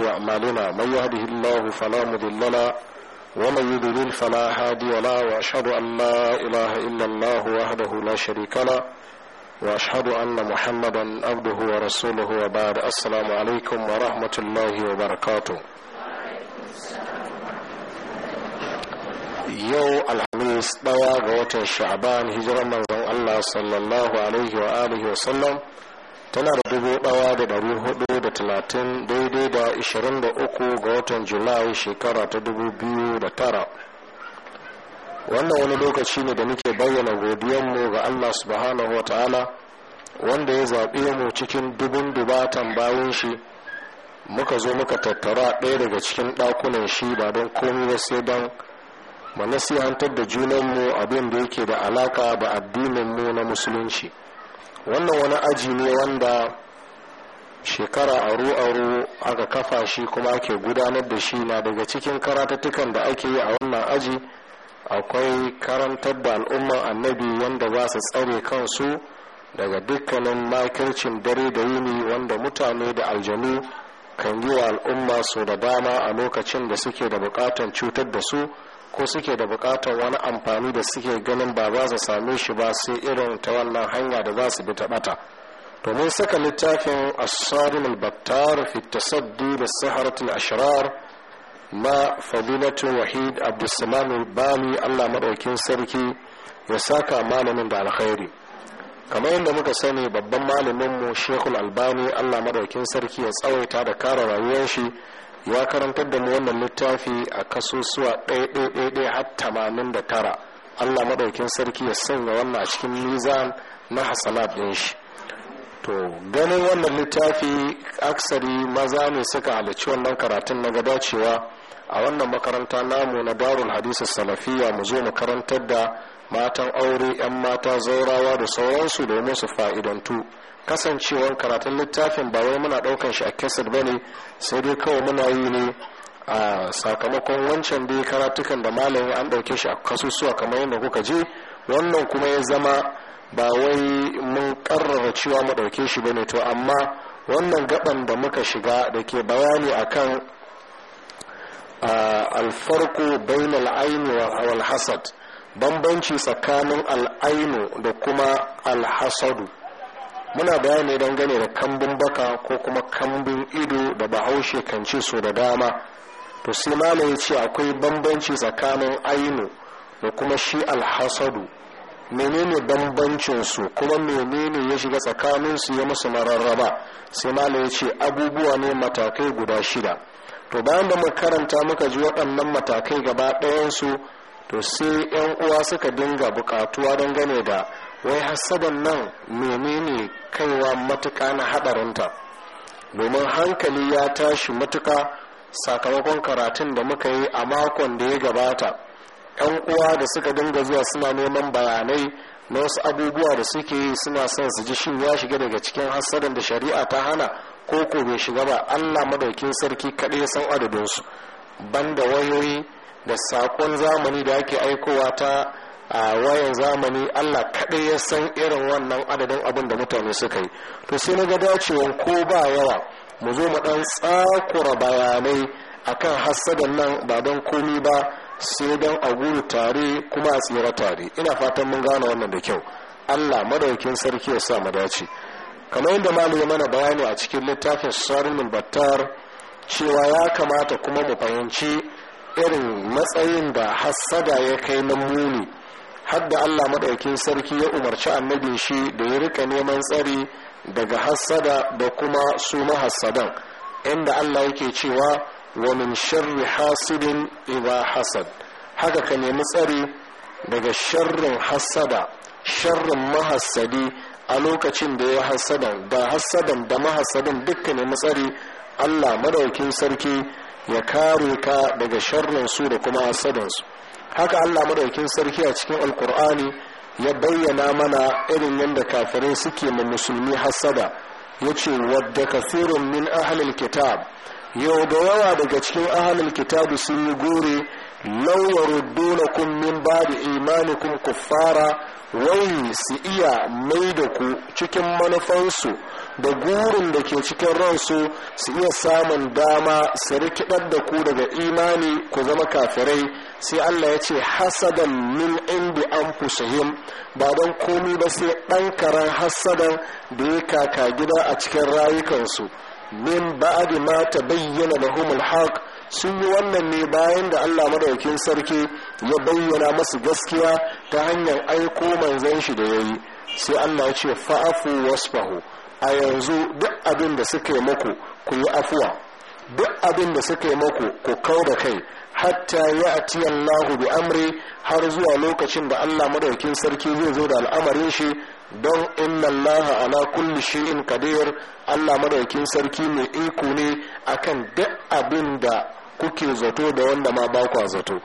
أعمالنا من يهده الله فلا مضل له ومن يضلل فلا هادي له وأشهد أن لا إله إلا الله وحده لا شريك له وأشهد أن محمدا عبده ورسوله وبعد السلام عليكم ورحمة الله وبركاته yau alhamis ɗaya ga watan sha'ban hijirar manzon Allah sallallahu alaihi wa alihi wa sallam tana da dubu ɗaya da ɗari hudu da talatin daidai da ishirin da uku ga watan julai shekara ta dubu biyu da tara wannan wani lokaci ne da muke bayyana godiyanmu ga allah subhanahu wa ta'ala wanda ya zaɓe mu cikin dubun dubatan bayan shi muka zo muka tattara ɗaya daga cikin ɗakunan shi ba don komi ba sai don mu nasihantar da junanmu abin da yake da alaka da mu na musulunci wannan wani aji ne wanda shekara aru-aru aka kafa shi kuma ake gudanar da shi na daga cikin karatattukan da ake yi a wannan aji akwai karantar da al'umman annabi wanda za su tsare kansu daga dukkanin makircin dare da yini wanda mutane da aljanu kan yi wa al'umma su da dama a lokacin da suke da bukatan cutar da su ko suke da bukatar wani amfani da suke ganin ba za su same shi ba sai irin ta wannan hanya da za su bi ta bata domin saka littafin asarin albattar fi tasaddi da saharatul ashrar na fadilatul wahid abdulsalam bani allah maɗaukin sarki ya saka malamin da alkhairi kamar yadda muka sani babban malaminmu shekul albani allah maɗaukin sarki ya tsawaita da kare rayuwar shi ya karantar da mu wannan littafi a kasusuwa ɗaya har tamanin da tara allah maɗaukin sarki ya sanya wannan a cikin nizan na hasanat ɗin shi to ganin wannan littafi aksari maza ne suka halarci wannan karatun na gada cewa a wannan makaranta namu na darul hadisi salafiya mu zo makarantar da matan aure 'yan mata zaurawa da sauransu domin su fa'idantu kasancewar karatun littafin ba wai muna daukan shi a kesed ba ne sai dai kawai muna yi ne a sakamakon wancan dai karatukan da malamin an dauke shi a kasusuwa kamar yadda kuka je wannan kuma ya zama ba wai mun karrara cewa mu dauke shi bane to amma wannan gaban da muka shiga da ke bayani akan alfarko bain al'ainu wal hasad bambanci tsakanin al'ainu da kuma alhasadu muna bayani dangane da kambun baka ko kuma kambun ido da bahaushe kan ce so da dama to sai malam ya ce akwai bambanci tsakanin ainu da kuma shi alhasadu menene bambancin su kuma menene ya shiga tsakaninsu ya musu mararraba sai malam ya ce abubuwa ne matakai guda shida to bayan da muka karanta muka ji waɗannan matakai gaba ɗayansu to sai 'yan uwa suka dinga buƙatuwa gane da wai hasadan nan menene kaiwa matuka na haɗarinta domin hankali ya tashi matuka sakamakon karatun da muka yi a makon da ya gabata 'yan uwa da suka dinga zuwa suna neman bayanai na wasu abubuwa da suke yi suna son su ji shin ya shiga daga cikin hassadan da shari'a ta hana ko ko bai shiga ba allah madaukin sarki kaɗai ya san adadinsu banda wayoyi da saƙon zamani da ake aikowa ta a wayan zamani allah kaɗai ya san irin wannan adadin abin da mutane suka yi to sai na ga dacewan ko ba yawa mu zo mu ɗan tsakura bayanai a kan hassadan nan ba don komi ba sai don a gudu tare kuma a tsira tare ina fatan mun gane wannan da kyau allah madaukin sarki ya sa mu dace kamar yadda malu ya mana bayani a cikin littafin sarunul battar cewa ya kamata kuma mu fahimci irin matsayin da hassada ya kai na muni hadda allah maɗaukin sarki ya umarci annabin shi da ya rika neman tsari daga hasada da kuma su mahasadan. inda allah yake cewa wa min sharri hasidin iba hasad haka ka nemi tsari daga sharrin hasada, sharrin mahassadi a lokacin da ya hassadan da hassadan da mahassadin dukkan nemi tsari allah maɗaukin sarki ya kare ka daga sharrin su da kuma hasadansu. haka allah madaukin sarki a cikin alkur'ani ya bayyana mana irin yadda kafirai suke ma musulmi hassada ya ce wadda kafirun min ahalin kitab yau da yawa daga cikin ahalin kitabu sun yi gore lauwaru dole kun min ba da imanikun kuffara Wani su iya mai da ku cikin manufansu da gurin da ke cikin ransu su iya samun dama su rikidar da ku daga imani ku zama kafirai sai allah ya ce hasadan min indi an fusahim ba don komi ba sai ɗan karan hasadan da ya kaka gida a cikin rayukansu min ba'adi ma ta bayyana da humul haq sun yi wannan ne bayan da allah madaukin sarki ya bayyana masu gaskiya ta hanyar aiko manzan shi da ya yi sai allah ya ce fa'afu wasfahu a yanzu duk abin da suka yi muku ku yi afuwa duk abin da suka yi muku ku kau da kai hatta ya ati Allahu bi amri har zuwa lokacin da Allah madaukin sarki zai zo da al'amarin shi don inna Allah ala kulli shi'in kadir Allah madaukin sarki mai iko ne akan duk abin da kuke zato da wanda ma ba kwa zato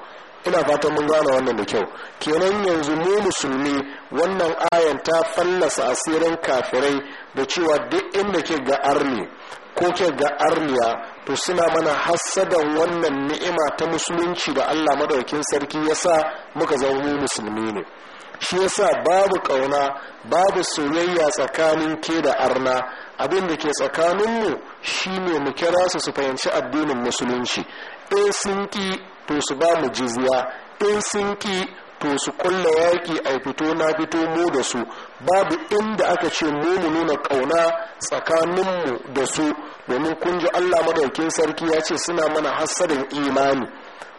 ina fatan mun gane wannan da kyau kenan yanzu mu musulmi wannan ayan ta fallasa asirin kafirai da cewa duk inda ke ga arni ko ke ga arniya to suna mana hassadan wannan ni'ima ta musulunci da allah madaukin sarki ya sa muka zama mu musulmi ne shi yasa babu kauna babu soyayya tsakanin ke da arna abin da ke tsakaninmu shine mu kira su su fahimci addinin musulunci in sun ki to su ba mu jizya in sun ki to su kulla yaƙi a fito na fito mu da su babu inda aka ce mu mu nuna ƙauna tsakaninmu da su domin kun ji allah madaukin sarki ya ce suna mana hassadin imani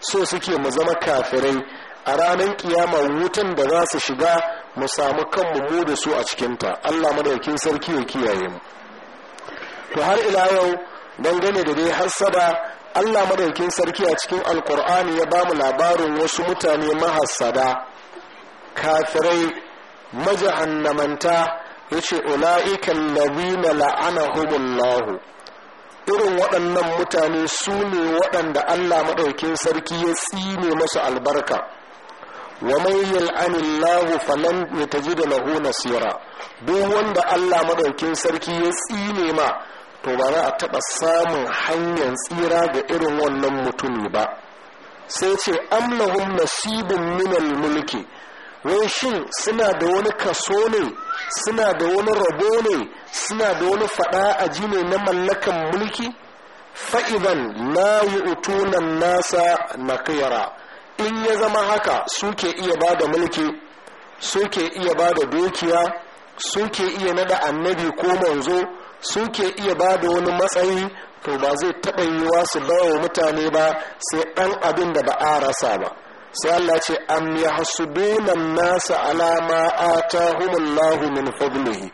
so suke mu zama kafirai a ranar kiyama wutan da za su shiga mu samu kanmu mu da su a cikinta allah madaukin sarki ya kiyaye mu to har ila yau dangane da dai hassada allah madaukin sarki a cikin alkur'ani ya ba mu labarin wasu mutane mahassada kafirai majahannamanta ya ce ula'ikan labina la'anahumullahu irin waɗannan mutane su ne waɗanda allah madaukin sarki ya tsine masu albarka wa mai yal'anillahu falan ya taji da lahu nasira duk wanda allah madaukin sarki ya tsine ma to ba za a taɓa samun hanyar tsira ga irin wannan mutumi ba sai ce amlahum nasibin minal mulki wai shin suna da wani kaso ne suna da wani rabo ne suna da wani faɗa a jini na mallakan mulki fa'idan na yi utunan nasa na kayara in ya zama haka suke iya ba da mulki suke iya ba da dukiya suke iya nada annabi ko manzo ke iya ba da wani matsayi to ba zai taɓa yiwa su bawa mutane ba sai ɗan abin da ba a rasa ba sai Allah ce am ya hasudunan nasa alama a ta atahumullahu min fadlihi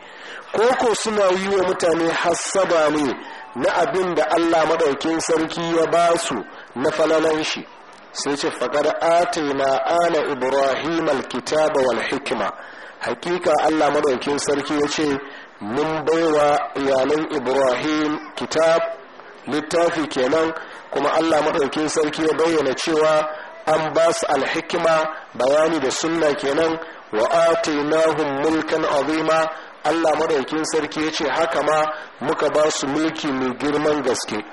koko suna yi wa mutane hassaba ne na abin da Allah maɗaukin sarki ya ba su na falalan shi sai ce faƙar atina ana ibrahim alkitaba wal hikima hakika Allah maɗaukin sarki ya ce mun baiwa iyalan ibrahim kitab littafi kenan kuma allah maɗaukin sarki ya bayyana cewa an ba su alhikima bayani da sunna kenan wa atainahum mulkan azima allah maɗaukin sarki ya ce haka ma muka ba su mulki mai girman gaske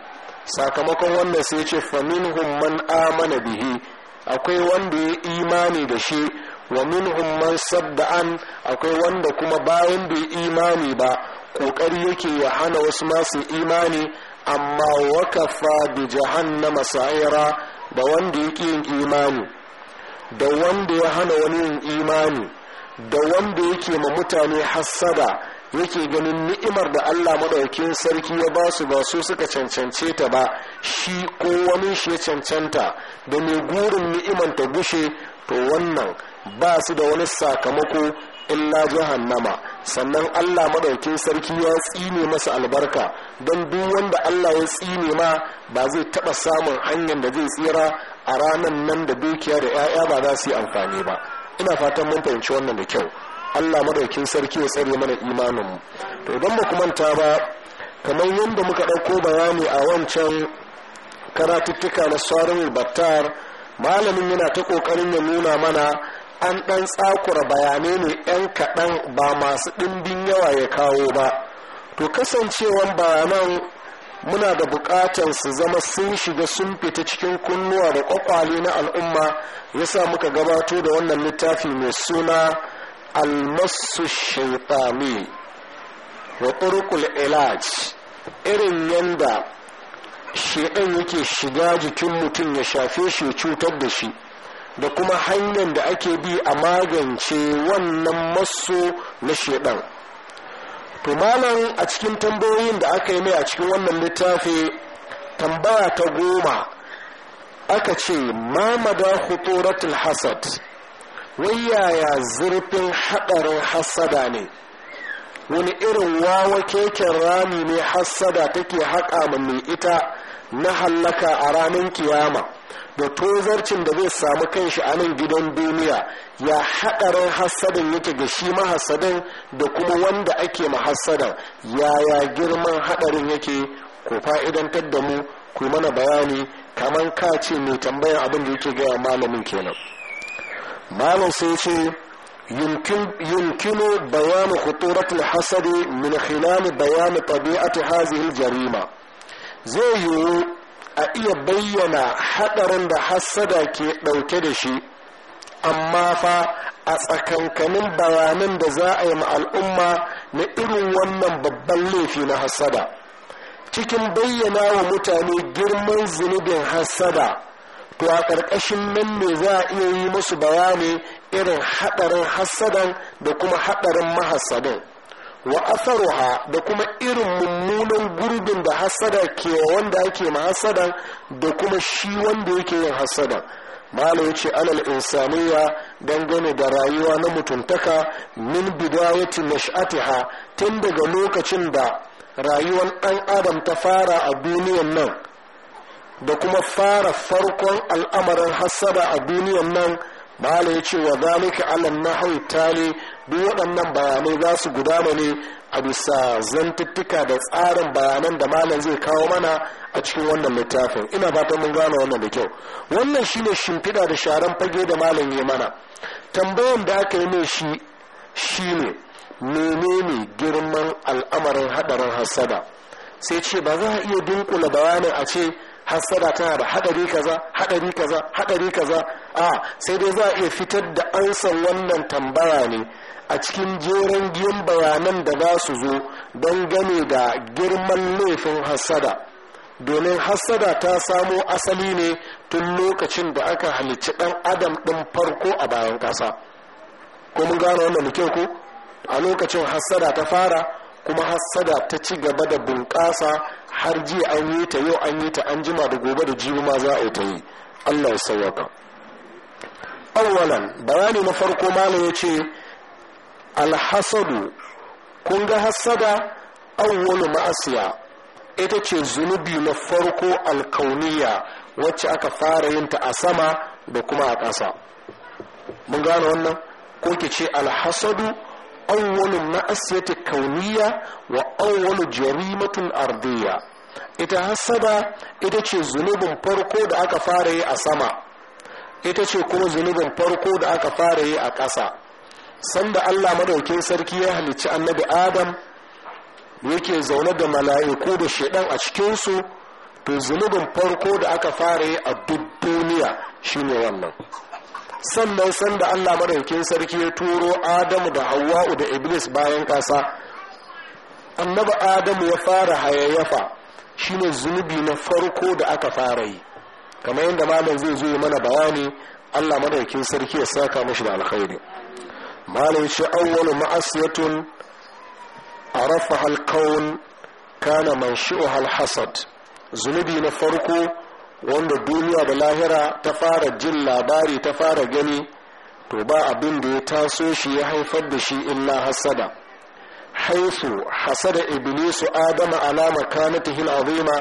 sakamakon wannan sai ce faminhum man amana bihi akwai wanda ya imani da shi wa minhum man sadda an akwai wanda kuma bayan bai imani ba kokari yake ya hana wasu masu imani amma wakafa bi jahannama sa'ira da wanda yake yin imani da wanda ya hana wani yin imani da wanda yake ma mutane hassada yake ganin ni'imar da Allah maɗaukin sarki ya ba su ba su suka cancance ta ba shi ko wani shi ya cancanta da mai gurin ni'imar ta gushe to wannan ba su da wani sakamako illa jahannama sannan allah maɗaukin sarki ya tsine masa albarka don duk wanda allah ya tsine ma ba zai taɓa samun hanyar da zai tsira a ranar nan da dukiya da 'ya'ya ba za su yi amfani ba ina fatan mun fahimci wannan da kyau allah maɗaukin sarki ya tsare mana imanin mu to idan ba manta ba kamar yadda muka ɗauko bayani a wancan karatuttuka na sauran battar malamin yana ta ƙoƙarin ya nuna mana an ɗan tsakura bayanai ne 'yan kaɗan ba masu ɗimbin yawa ya kawo ba to kasancewan bayanan muna da buƙatar su zama sun shiga sun fita cikin kunnuwa da ƙwaƙwale na al'umma yasa muka gabato da wannan littafi mai suna almasu shaitani wa ƙurƙul ilaj irin yanda shaidan yake shiga jikin mutum ya shafe shi cutar da shi da kuma hanyar da ake bi a magance wannan maso na shedan to malam a cikin tambayoyin da aka yi mai a cikin wannan littafi tambaya ta goma aka ce mamada hutoratul hasad wai yaya zurfin haɗarin hasada ne wani irin wawa keken rami ne hassada take haƙa mai ita na hallaka a ranar kiyama da tozarcin da zai samu kanshi a nan gidan duniya ya haɗarin hassadin yake ga shi mahassadin da kuma wanda ake mahassadan yaya girman haɗarin yake ko fa'idantar da mu ku mana bayani kamar ka ce mai tambayar abin da yake gaya malamin kenan malam sai ce يمكن بيان خطورة الحسد من خلال بيان hazihin jarima zai yiwu. a iya bayyana haɗarin da hassada ke ɗauke da shi amma fa a tsakankanin bayanan da za a yi ma al'umma na irin wannan babban laifi na hassada cikin bayyana wa mutane girman zunubin hassada to a ƙarƙashin nan ne za a iya yi musu bayani irin haɗarin hassadan da kuma haɗarin mahassadin wa asaruha da kuma irin mummunan gurbin da hasada ke wanda ake ma hasada da kuma shi wanda yake yin hasada malam ce alal insaniya dangane da rayuwa na mutuntaka min ati nash'atiha tun daga lokacin da rayuwar dan adam ta fara a duniyan nan da kuma fara farkon al'amarin hasada a duniyan nan malam ce wa zalika alal nahawi tali duk waɗannan bayanai za su gudana ne a bisa zantuttuka da tsarin bayanan da malam zai kawo mana a cikin wannan littafin ina fatan mun gane wannan da kyau wannan shine shimfiɗa da sharan fage da malam ya mana tambayan da aka yi mai shi shine menene girman al'amarin haɗarin hassada sai ce ba za a iya dunkula bayanin a ce hassada tana da hadari kaza hadari kaza hadari kaza a sai dai za a iya fitar da ansan wannan tambaya ne a cikin jeren giyan bayanan da za su zo don gane da girman laifin hassada domin hassada ta samo asali ne tun lokacin da aka halicci dan adam din farko a bayan kasa ko mun gane wannan kyau ko a lokacin hassada ta fara kuma hassada ta ci gaba da bunƙasa har jiya an yi ta yau an yi ta an jima da gobe da jibi ma za a yi ta yi allah ya sauwaka awwalan bayani na farko malam ya ce alhasadu kun ga hassada awwalu ma'asiya ita ce zunubi na farko alkauniya wacce aka fara yin ta a sama da kuma a ƙasa mun gane wannan ko ke ce alhasadu awwalu ma'asiyati kauniyya wa awwalu jarimatun ardiya ita hasada ita ce zunubin farko da aka fara yi a sama ita ce kuma zunubin farko da aka fara yi a ƙasa sanda allah madaukin sarki ya halicci annabi adam yake zaune da mala'iku da shaidan a cikinsu to zunubin farko da aka fara yi a duk duniya shine wannan sannan sanda allah madaukin sarki ya turo adamu da hawa'u da iblis bayan ƙasa annabi adamu ya fara hayayyafa shine zunubi na farko da aka fara yi kamar yadda malam zai zo mana bayani allah madaukin sarki ya saka mashi da alkhairi malam shi awwalu ma'asiyatun arafa halkawun kana man shi'u hasad zunubi na farko wanda duniya da lahira ta fara jin labari ta fara gani to ba abin da ya taso shi ya haifar da shi illa hasada haisu hasada iblisu adama alama kanatihil azima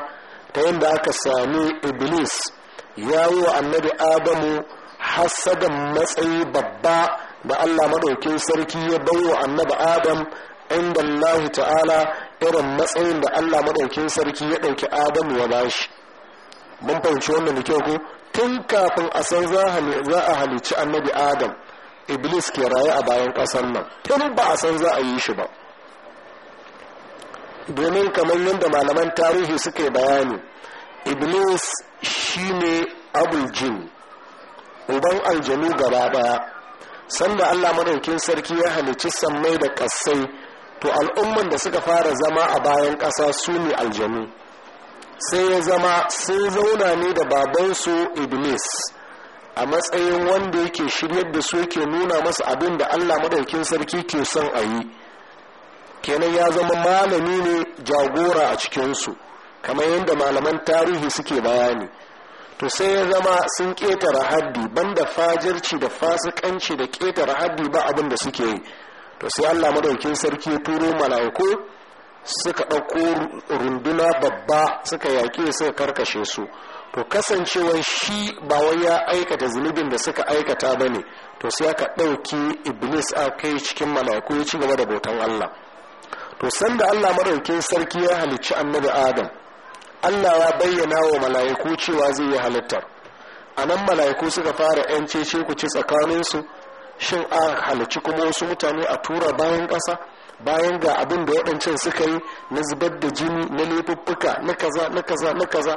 ta yadda aka sami iblis ya yi wa annabi adamu hasadan matsayi babba da allah maɗaukin sarki ya bai wa annabi adam inda Allahu ta'ala irin matsayin da allah maɗaukin sarki ya ɗauki adamu ya bashi mun fahimci wannan da kyau ko tun kafin a san za a halicci annabi adam iblis ke raye a bayan ƙasar nan tun ba a san za a yi shi ba domin kamar yadda malaman tarihi suke bayani iblis shine abul jin uban aljanu gaba daya sanda allah madaukin sarki ya halici sammai da kassai to al'umman da suka fara zama a bayan ƙasa su ne aljanu sai ya zama sun zauna ne da babansu iblis a matsayin wanda yake shiryar da su yake nuna masu abin da allah maɗaukin sarki ke son a yi kenan ya zama malami ne jagora a cikinsu kamar yadda malaman tarihi suke bayani to sai ya zama sun ƙetare haddi banda fajirci da fasikanci da ƙetare haddi ba abin da suke yi to sai allah maɗaukin sarki ya turo mala'iku suka ɗauko runduna babba suka yaƙi suka karkashe su to kasancewa shi ba wai ya aikata zunubin da suka aikata ba ne to sai aka ɗauki iblis a kai cikin mala'iku ya ci gaba da bautan allah to sanda allah maraukin sarki ya halicci annabi adam allah ya bayyana wa mala'iku cewa zai yi halittar a nan mala'iku suka fara 'yan ce ku ci tsakaninsu shin a halicci kuma wasu mutane a tura bayan ƙasa bayan ga abin da waɗancan suka yi na zubar da jini na laifuffuka na kaza na kaza na kaza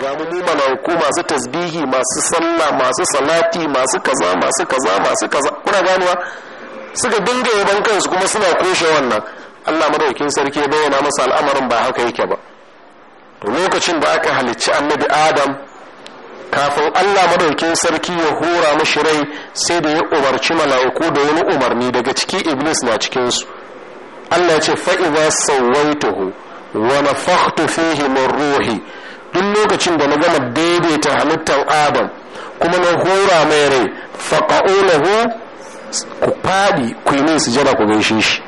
ga mu malaiku masu tasbihi masu sallah masu salati masu kaza masu kaza masu kaza kuna ganuwa suka dinga yaban kansu kuma suna koshe wannan Allah madaukin sarki ya bayyana masa al'amarin ba haka yake ba to lokacin da aka halicci annabi adam kafin Allah madaukin sarki ya hura mashi rai sai da ya umarci mala'iku da wani umarni daga ciki iblis na cikinsu Allah ya ce fa'iza sawaituhu wa nafakhtu fihi min ruhi duk lokacin da na gama daidaita halittar adam kuma na hura mai rai faqa'ulahu ku fadi ku yi min sujada ku gaishe shi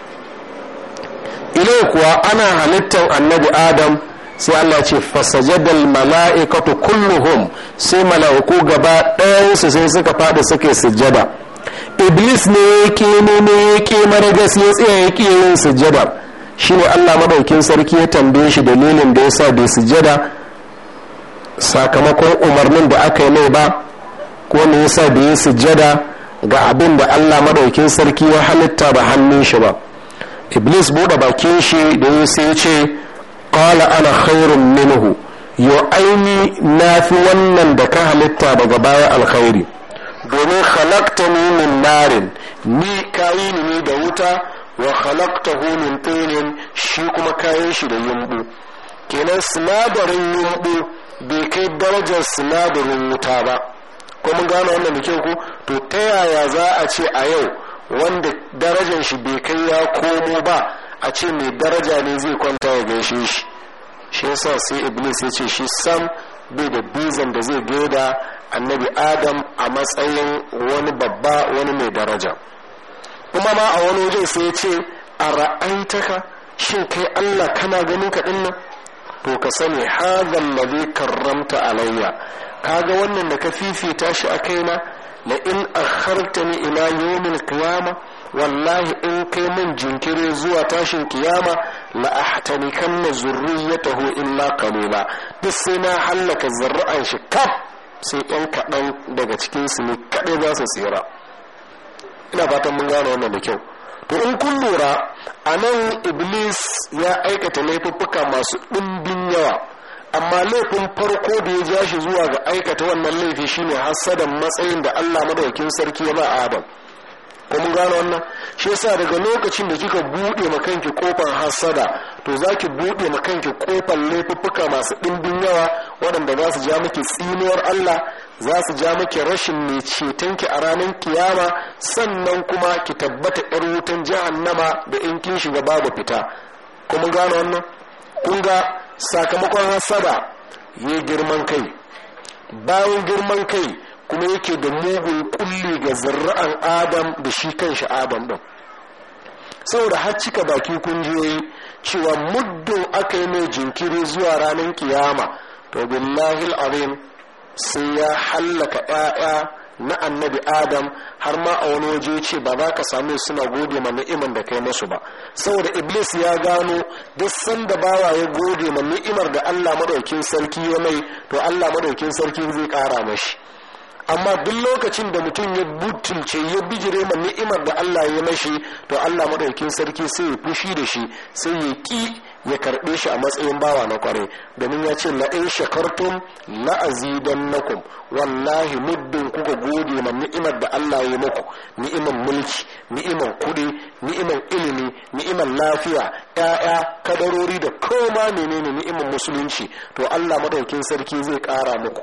ilai kuwa ana halittar annabi adam sai Allah ya ce fasajadal mala'ikatu kulluhum sai mala'iku gaba ɗayansu sai suka fadi suke sujada iblis ne ya kemo ne ya kemar gas ya tsaya ya yin sujjada shine allah madaukin sarki ya tambaye shi dalilin da ya sa bai sujjada sakamakon umarnin da aka yi mai ba ko me yasa bai yi sujjada ga abin da allah madaukin sarki ya halitta ba hannun shi ba iblis buɗe bakin shi da ya sai ce qala ana khairun minhu yo aini na fi wannan da ka halitta daga baya alkhairi domin khalaqtani min narin ni kayi ni da wuta wa khalaqtahu hunin tinin shi kuma kayan shi da yumbu kenan sinadarin yumbu bai kai darajar sinadarin wuta ba kuma gano wannan da kyau ko to ta yaya za a ce a yau wanda darajar shi bai kai ya komo ba a ce mai daraja ne zai kwanta ya gaishe shi shi yasa sai iblis ya ce shi sam bai da bizan da zai gaida annabi adam a matsayin wani babba wani mai daraja kuma ma a wani wajen sai ya ce a ra'aitaka shin kai allah kana ganin ka nan to ka sani hadhan ladhi karramta alayya kaga wannan da ka fifita shi a kaina la in akhartani ila yomin kiyama. wallahi in kai min jinkiri zuwa tashin kiyama la ahtanikanna zurriyatahu illa qalila duk sai na hallaka zurra'an shi kaf sai yan kaɗan daga cikinsu ne kaɗai za su tsira ina fatan mun gane wannan da kyau to in kun lura a nan iblis ya aikata laifuffuka masu ɗimbin yawa amma laifin farko da ya ja shi zuwa ga aikata wannan laifi shine hasadan matsayin da allah madaukin sarki ya ba adam ko mun gane wannan shi yasa daga lokacin da kika buɗe makanki kofar hasada to za ki buɗe makanki kofar laifuffuka masu ɗimbin yawa waɗanda za su ja miki tsinuwar Allah za su ja miki rashin mai cetonki a ranar kiyama sannan kuma ki tabbata ƴar wutan nama da in kin shiga babu fita ko mun gane wannan kun ga sakamakon hasada ya girman kai bayan girman kai kuma yake da mugun kulli ga zirra'an adam da shi kanshi adam din saboda har cika baki kungiyoyi cewa muddin aka yi mai jinkiri zuwa ranar kiyama to billahi al'azim sai ya hallaka 'ya'ya na annabi adam har ma a wani waje ce ba za ka same suna gode ma ni'imar da kai masu ba saboda iblis ya gano duk sanda bawa ya gode ma ni'imar da allah madaukin sarki ya mai to allah madaukin sarki zai kara mashi amma duk lokacin da mutum ya butulce ya bijire ma ni'imar da Allah ya mashi to Allah madaukin sarki sai ya fushi da shi sai ya ki ya karbe shi a matsayin bawa na kwarai domin ya ce la'in shakartum la'azidan nakum wallahi muddin kuka gode ma ni'imar da Allah ya muku ni'imar mulki ni'imar kuɗi ni'imar ilimi ni'imar lafiya ya'ya kadarori da koma menene ni'imar musulunci to Allah madaukin sarki zai ƙara muku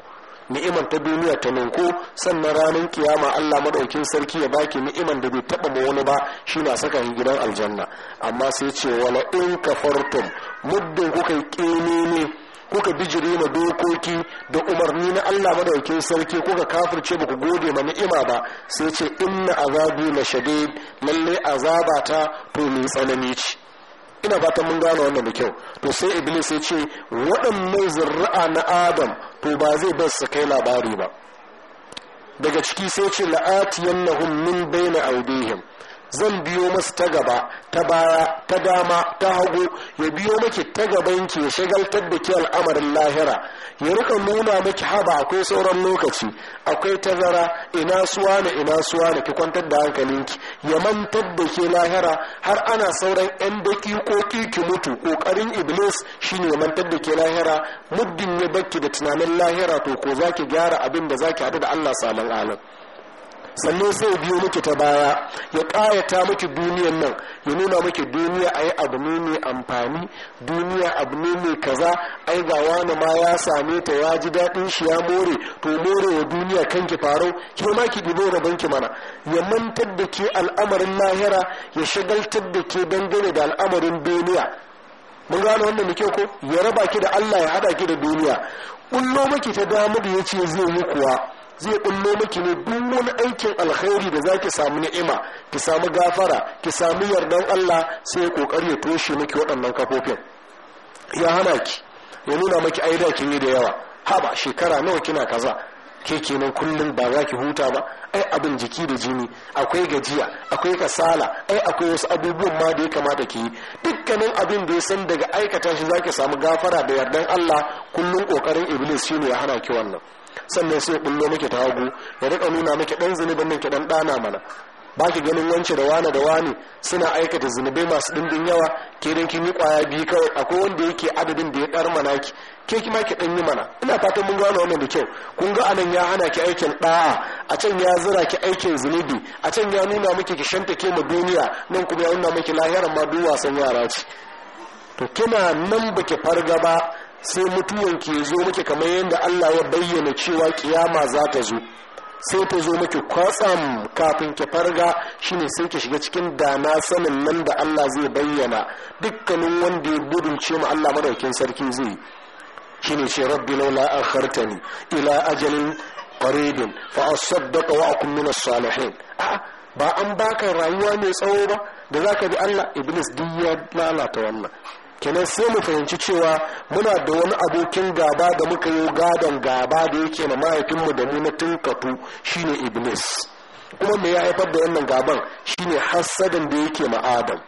ni'imar ta duniya ta ninku, sannan ranar kiyama Allah madaukin sarki ya baki ni'imar da bai taba ma wani ba shi na saka shi gidan aljanna amma sai ce wala in kafartum muddin kuka yi kene ne kuka bijire ma dokoki da umarni na Allah madaukin sarki kuka kafirce ba ku gode ma ni'ima ba sai ce inna azabi la shadid lalle azabata to mai tsanani ce ina fata mun gane wannan da kyau to sai iblis ya ce waɗannan zurra'a na adam to ba zai bar su kai labari ba daga ciki sai ce la'atiyan nahum min baina audihim zan biyo masu ta gaba ta baya ta dama ta hagu ya biyo maki ta gaban ki ya shagaltar da ke al'amarin lahira ya rika nuna maki haba akwai sauran lokaci akwai tazara ina suwa na ina suwa na ki kwantar da hankalinki ya mantar da ke lahira har ana sauran yan ko ki mutu kokarin iblis shine ya mantar da ke lahira muddin ya bakki da tunanin lahira to ko zaki gyara abin da zaki haɗu da Allah salan alam sannan sai biyo miki ta baya ya ƙayata miki duniyan nan ya nuna miki duniya ai abu ne mai amfani duniya abu ne mai kaza ai ga wani ma ya same ta ya ji daɗin shi ya more to more wa duniya kanki farau ke ma ki ɗibo banki mana ya mantar da ke al'amarin lahira ya shagaltar da ke dangane da al'amarin duniya mun gano wannan muke ko ya raba ki da Allah ya hada ki da duniya kullo miki ta damu da yace zai yi kuwa zai bullo miki ne duk wani aikin alkhairi da zaki samu ni'ima ki samu gafara ki samu yardan Allah sai ya kokari ya toshe miki waɗannan kafofin ya hana ki ya nuna maki aida kin yi da yawa haba shekara nawa kina kaza ke kenan kullum ba za ki huta ba ai abin jiki da jini akwai gajiya akwai kasala ai akwai wasu abubuwan ma da ya kamata ki yi dukkanin abin da ya san daga aikata shi za ki samu gafara da yardan Allah kullum kokarin iblis shine ya hana ki wannan sannan sai kullo miki ta hagu ya rika nuna miki dan zunubin nan ki dan dana mana ba ki ganin wance da wane da wane suna aikata zunubai masu dindin yawa ke dan kin yi kwaya biyu kawai akwai wanda yake adadin da ya dar mana ki ke kima ki dan yi mana ina fatan mun gano wannan da kyau kun ga anan ya hana ki aikin ɗa'a a can ya zira ki aikin zunubi a can ya nuna miki ki shanta ke mu duniya nan kuma ya nuna miki lahiyar, ma duk wasan yara ce to kina nan baki farga ba sai mutuwan ke zo muke kamar yadda Allah ya bayyana cewa kiyama za ta zo sai ta zo muke kwatsam kafin ki farga shine sai ki shiga cikin dana sanin nan da Allah zai bayyana dukkanin wanda ya ce mu Allah madaukin sarki zai shine ce rabbi laula akhartani ila ajalin qaribin fa asaddaqa wa akun min as-salihin a ba an baka rayuwa mai tsawo ba da zaka bi Allah iblis duk ya lalata wannan kenan sai mu fahimci cewa muna da wani abokin gaba da muka yi gadon gaba da yake na mahaifinmu da mu na tunkatu shine iblis kuma mai ya haifar da wannan gaban shine hassadin da yake ma adam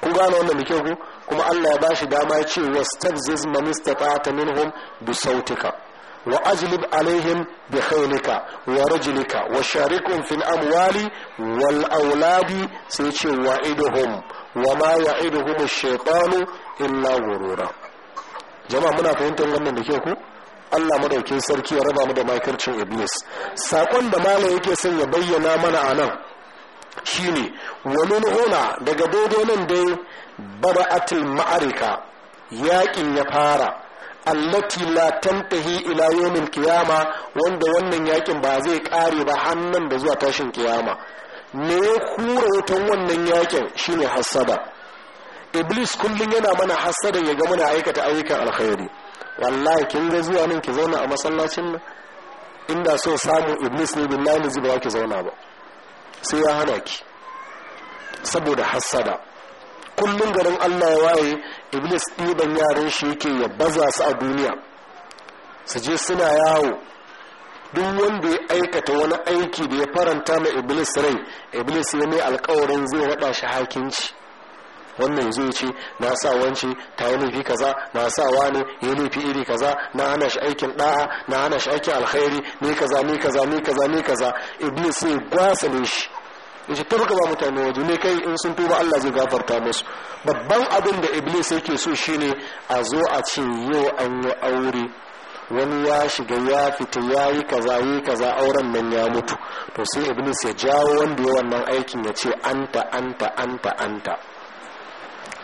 ku gane wannan da ku kuma Allah ya bashi dama ya ce wastafziz ta ta minhum bi sautika wa ajlib alaihim bi khailika wa rajlika wa sharikum fil amwali wal auladi sai ce wa'iduhum wa ma ya'iduhum ash-shaytanu illa ghurura jama'a muna fahimtar wannan da ke ku Allah madaukin sarki ya raba mu da makarcin iblis sakon da malam yake son ya bayyana mana anan shine wani huna daga dodo nan dai bara'atul ma'arika yakin ya fara allati la tantahi ila yawmil qiyama wanda wannan yakin ba zai kare ba hannan da zuwa tashin kiyama me ya kura wutan wannan yakin shine hasada iblis kullum yana mana hasada ya ga muna aikata ayyukan alkhairi wallahi kin ga zuwa nan ki zauna a masallacin nan inda so samu iblis ne billahi ne zuba ki zauna ba sai ya hana ki saboda hasada kullum garin allah ya waye iblis ɗiban yaran shi yake ya baza su a duniya su je suna yawo duk wanda ya aikata wani aiki da ya faranta ma iblis rai iblis ya mai alkawarin zai raɗa shi hakinci wannan zai ce na sa wance ta yi laifi kaza na sa wane ya laifi iri kaza na hana shi aikin da'a na hana shi aikin alkhairi ni kaza ni kaza ni kaza ni kaza iblis sai gwasa ne shi yace ta ka mutane waje ne kai in sun tuba Allah zai gafarta musu babban abin da iblis yake so shine a zo a ce yau an yi aure wani ya shiga ya fita ya yi kaza yi kaza auren nan ya mutu to sai iblis ya jawo wanda ya wannan aikin ya ce anta anta anta anta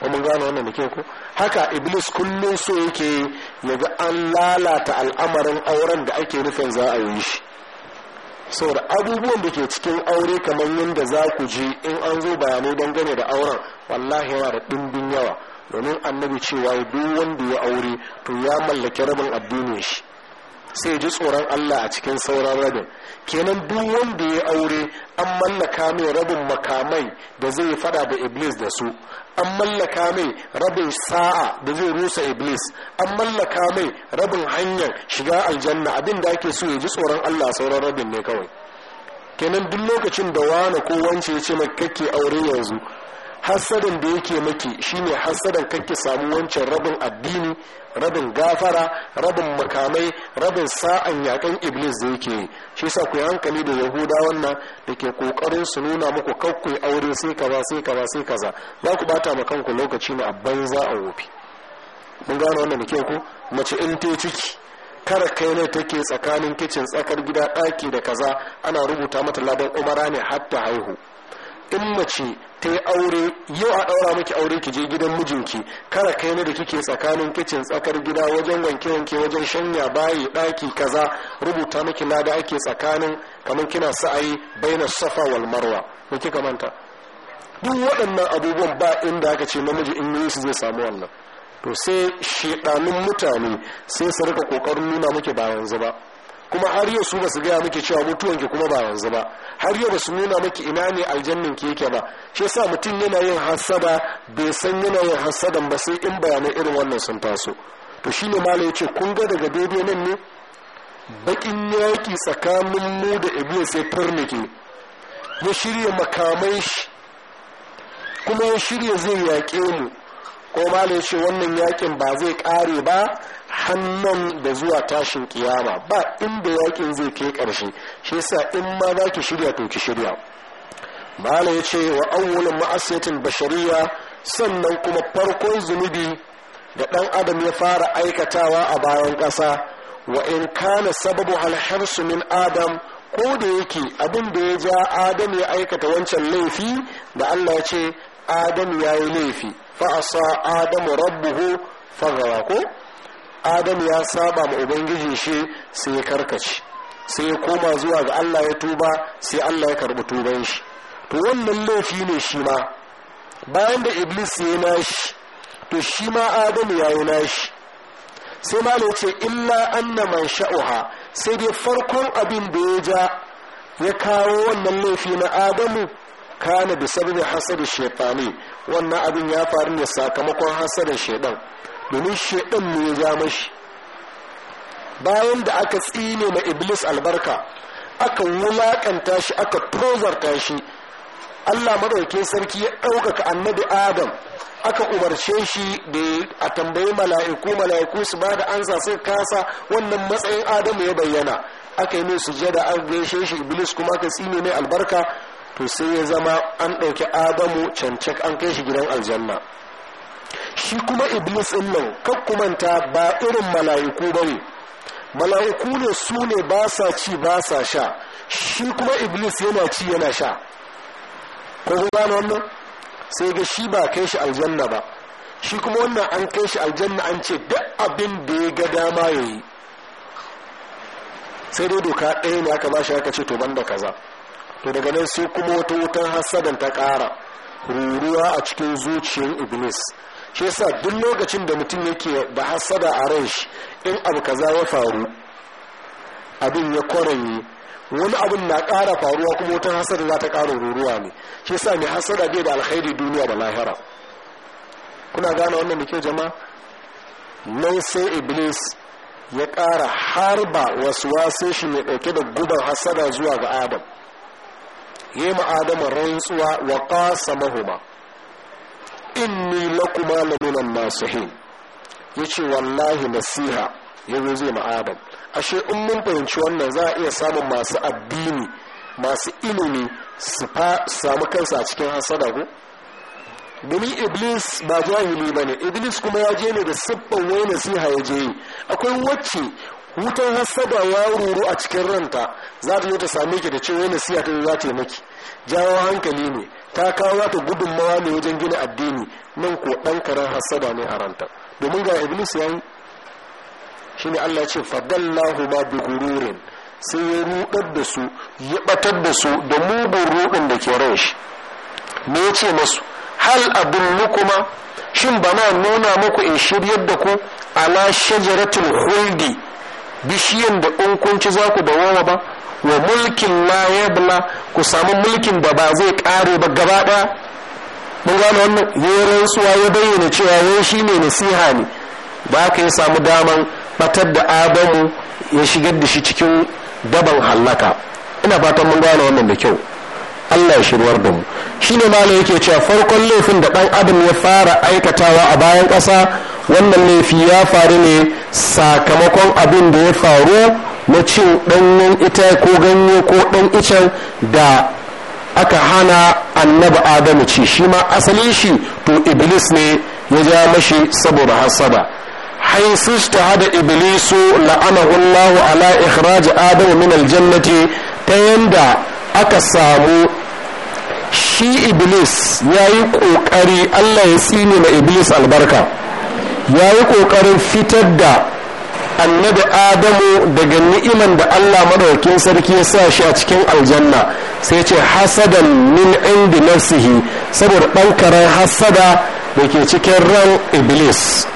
mun gane wannan da ko haka iblis kullum so yake ya ga an lalata al'amarin auren da ake nufin za a yi shi saboda abubuwan da ke cikin aure kamar yadda za ku je in an zo bayanai dangane da auren wallahi yana da ɗimbin yawa domin annabi cewa duk wanda ya aure to ya mallaki rabin addinin shi sai ji tsoron Allah a cikin sauran rabin kenan duk wanda ya aure an mallaka mai rabin makamai da zai fada da iblis da su an mallaka mai rabin sa'a da zai rusa iblis an mallaka mai rabin hanyar shiga aljanna abin da ake so ya ji tsoron Allah sauran rabin ne kawai kenan duk lokacin da wani ko wance ya ce kake aure yanzu hasadin da yake maki shine hasadin kake samu wancan rabin addini rabin gafara rabin makamai rabin sa'an yakan iblis da yake shi sa ku hankali da yahuda wannan da ke kokarin su nuna muku kakkui aure sai kaza sai kaza sai kaza za ku bata ma kanku lokaci na a banza a wofi mun gano wannan da ke ku mace in te ciki kara kai ne take tsakanin kicin tsakar gida daki da kaza ana rubuta mata ladan umara ne hatta haihu in mace ta yi aure yau a ɗaura miki aure ki je gidan mijinki kara kai ne da kike tsakanin kicin tsakar gida wajen wanke wanke wajen shanya bayi ɗaki kaza rubuta miki lada ake tsakanin kamar kina sa'ayi baina safa wal marwa me kika manta duk waɗannan abubuwan ba inda aka ce namiji in yi su zai samu wannan to sai shedanun mutane sai su rika kokarin nuna miki ba yanzu ba kuma har yau su basu gaya miki cewa mutuwan ki kuma ba yanzu ba har yau basu nuna maki ina ne aljannin ki yake ba shi yasa mutum yana yin hasada bai san yana yin hasadan ba sai in bayanai irin wannan sun taso to shine malai yace kun ga daga daidai nan ne bakin yaki tsakanin mu da iblis sai firnike ya shirya makamai shi kuma ya shirya zai yaƙe mu ko malai yace wannan yakin ba zai ƙare ba hannun da zuwa tashin kiyama ba inda yakin zai kai karshe shi yasa in ma za ki shirya to ki shirya mala ya ce wa awwalin ma'asiyatin bashariya sannan kuma farkon zunubi da dan adam ya fara aikatawa a bayan kasa wa in kana sababu alharsu min adam ko da yake abin da ya ja adam ya aikata wancan laifi da allah ya ce adam ya yi laifi fa'asa adamu rabbuhu fagawa ko adam ya saba ma ubangiji shi sai ya karkace sai ya koma zuwa ga allah ya tuba sai allah ya karbi tuban shi to wannan laifi ne shi ma bayan da iblis ya nashi to shi ma adam ya yi nashi sai ma ce illa anna sha'uha sai dai farkon abin da ya ja ya kawo wannan laifi na adamu kana bi sabbin hasadin shaitani wannan abin ya faru ne sakamakon hasadin shaidan. domin shaidan ne ya zama mashi bayan da aka tsine ma iblis albarka aka wulakanta shi aka tozarta shi allah maɗauke sarki ya ɗaukaka annabi adam aka umarce shi da a tambayi mala'iku mala'iku su ba da ansa sai kasa wannan matsayin adamu ya bayyana aka yi mai da an gaishe shi iblis kuma aka tsine mai albarka to sai ya zama an ɗauki adamu cancak an kai shi gidan aljanna shi kuma iblis ɗin nan kakkumanta ba irin mala'iku ba ne mala'iku ne su ne ba sa ci ba sa sha shi kuma iblis yana ci yana sha ko kun gano wannan sai ga shi ba kai shi aljanna ba shi kuma wannan an kai shi aljanna an ce duk abin da ya ga dama ya yi sai dai doka ɗaya ne aka ba shi aka ce to banda kaza to daga nan sai kuma wata wutan hasadan ta ƙara ruruwa a cikin zuciyar iblis shi yasa duk lokacin da mutum yake da hasada a ran shi in abu kaza ya faru abin ya kwaranyi, wani abin na kara faruwa kuma wata hasada za ta ƙara ruruwa ne shi yasa mai hasada bai da alkhairi duniya da lahira kuna gane wannan da kyau jama'a nan sai iblis ya ƙara harba wasu wasu shi mai ɗauke da guban hasada zuwa ga adam yi ma rantsuwa wa ƙasa mahuma inni lakuma laminan nasihin yace wallahi nasiha Yanzu zai ma adam ashe in mun fahimci wannan za a iya samun masu addini masu ilimi su fa samu kansa a cikin hasada ko domin iblis ba jahili ba ne iblis kuma ya je ne da siffan wai nasiha ya je akwai wacce wutan hasada ya ruru a cikin ranta za ta zo ta same ki da cewa nasiha ta za ta maki jawo hankali ne ta kawo ta gudunmawa ne wajen gina addini nan ko ɗan karen hasada ne a ranta domin ga iblis ya yi shi ne allah ce fadallahu ma bi gururin sai ya rudar da su ya batar da su da mugun rudin da ke ran shi me ya ce masu hal abin nukuma shin bana na nuna muku in shiryar da ku ala shajaratul huldi bishiyan da unkunci zaku za ku ba wa mulkin la yabla ku samu mulkin da ba zai kare ba gaba daya mun gane wannan yeren suwa ya bayyana cewa wai shine nasiha ne ba ka ya samu daman batar da adamu ya shigar da shi cikin daban hallaka ina fatan mun gane wannan da kyau Allah ya shirwar da mu shi ne malam yake cewa farkon laifin da dan abin ya fara aikatawa a bayan ƙasa wannan laifi ya faru ne sakamakon abin da ya faru na cin ɗanyen ita ko ganye ko ɗan icen da aka hana annabi adamu ci shi ma asalin shi to iblis ne ya ja mashi saboda hasada iblisu اجتهد إبليس ala ikhraji adamu min aljannati ta yanda aka samu shi iblis ya yi ƙoƙari allah ya tsine na iblis albarka ya yi ƙoƙarin fitar da annabi adamu daga ni'iman da allah madaukin sarki ya sa shi a cikin aljanna sai ce hasadan min indi nafsihi saboda ɗankarar hasada da ke cikin ran iblis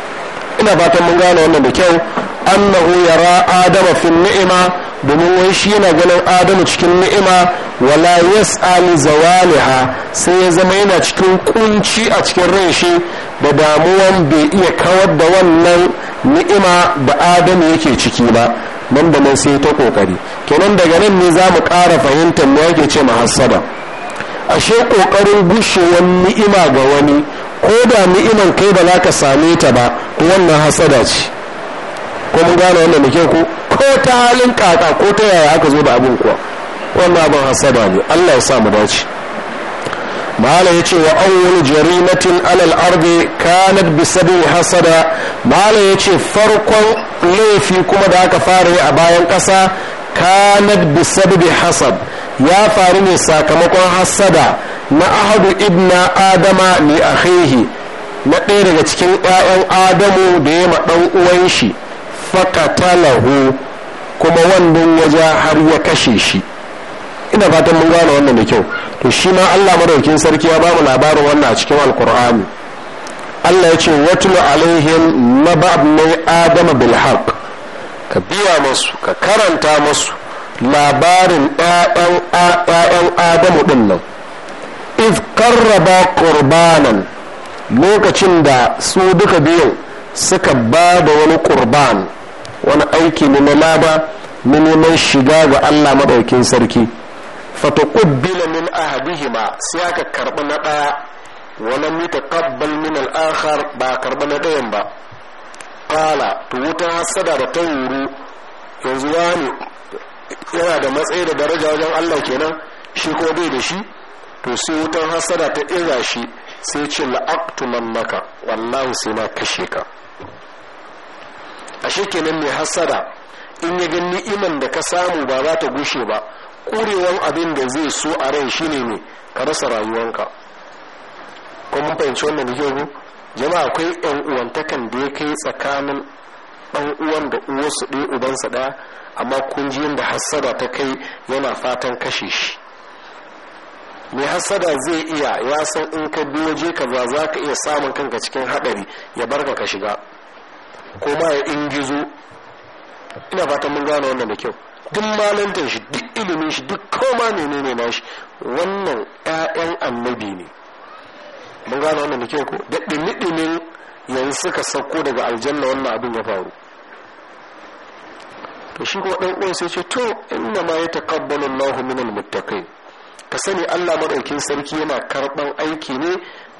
ina fatan mun gane wannan da kyau annahu yara adama fin ni'ima domin wai shi yana ganin adamu cikin ni'ima wala yas'al zawaliha sai ya zama yana cikin kunci a cikin ran shi da damuwan bai iya kawar da wannan ni'ima da adamu yake ciki ba nan da nan sai ta kokari kenan daga nan ne za mu ƙara fahimtar mu yake ce hasada ashe ƙoƙarin gushewar ni'ima ga wani ko da ni'iman kai ba za ka same ta ba to wannan hasada ce ko mun gane wannan da kyau ko ko ta halin kaka ko ta yaya aka zo da abin kuwa wannan abin hasada ne allah ya sa mu dace mala ya ce wa awwal jarimatin alal ardi kanat bi sabi hasada mala ya ce farkon laifi kuma da aka fara yi a bayan ƙasa kanat bi sabi hasad ya faru ne sakamakon hasada na ahadu ibna adama ne akhihi na ɗaya daga cikin 'ya'yan adamu da ya ma ɗan uwan shi fakatalahu kuma wannan waje har ya kashe shi ina fatan mun gane wannan da kyau to shi ma allah madaukin sarki ya bamu labarin wannan a cikin alkur'ani allah ya ce watulu alaihim naba mai adama bilhaq ka biya masu ka karanta masu labarin ɗaɗan adamu ɗin nan iz karraba kurbanan lokacin da su duka biyu suka ba da wani kurban wani aiki ne na laba ne shiga ga allah maɗaukin sarki fatakubbila min ahadihima sai aka karɓi na ɗaya walam yutaqabbal min al-akhar ba karɓi na ɗayan ba qala to wutan hasada da ta wuru yanzu wani yana da matsayi da daraja wajen Allah kenan shi ko bai da shi to sai wutan hasada ta ira shi sai ce la'aqtuman maka wallahi sai na kashe ka ashe kenan mai hasada in ya ga ni'iman da ka samu ba za ta gushe ba kurewan abin da zai so a rai shine ne ka rasa rayuwanka kuma fahimci wannan da kyau jama'a akwai yan uwantakan da ya kai tsakanin ɗan uwan da uwarsu ɗaya ubansa ɗaya amma kunji da yadda hassada ta kai yana fatan kashe shi mai hassada zai iya ya san in ka biyo je ka za ka iya samun kanka cikin haɗari ya barka ka shiga ko ma ya ingizo ina fatan mun gane wannan da kyau duk malantar shi duk ilimin shi duk koma ne na shi wannan 'ya'yan annabi ne mun gano wannan da kyau ko da ɗimi yanzu suka sauko daga aljanna wannan abin ya faru to shi kuma ɗan uwan sai ce to inna ma ya Allahu minal muttaqin ka sani Allah madaukin sarki yana karban aiki ne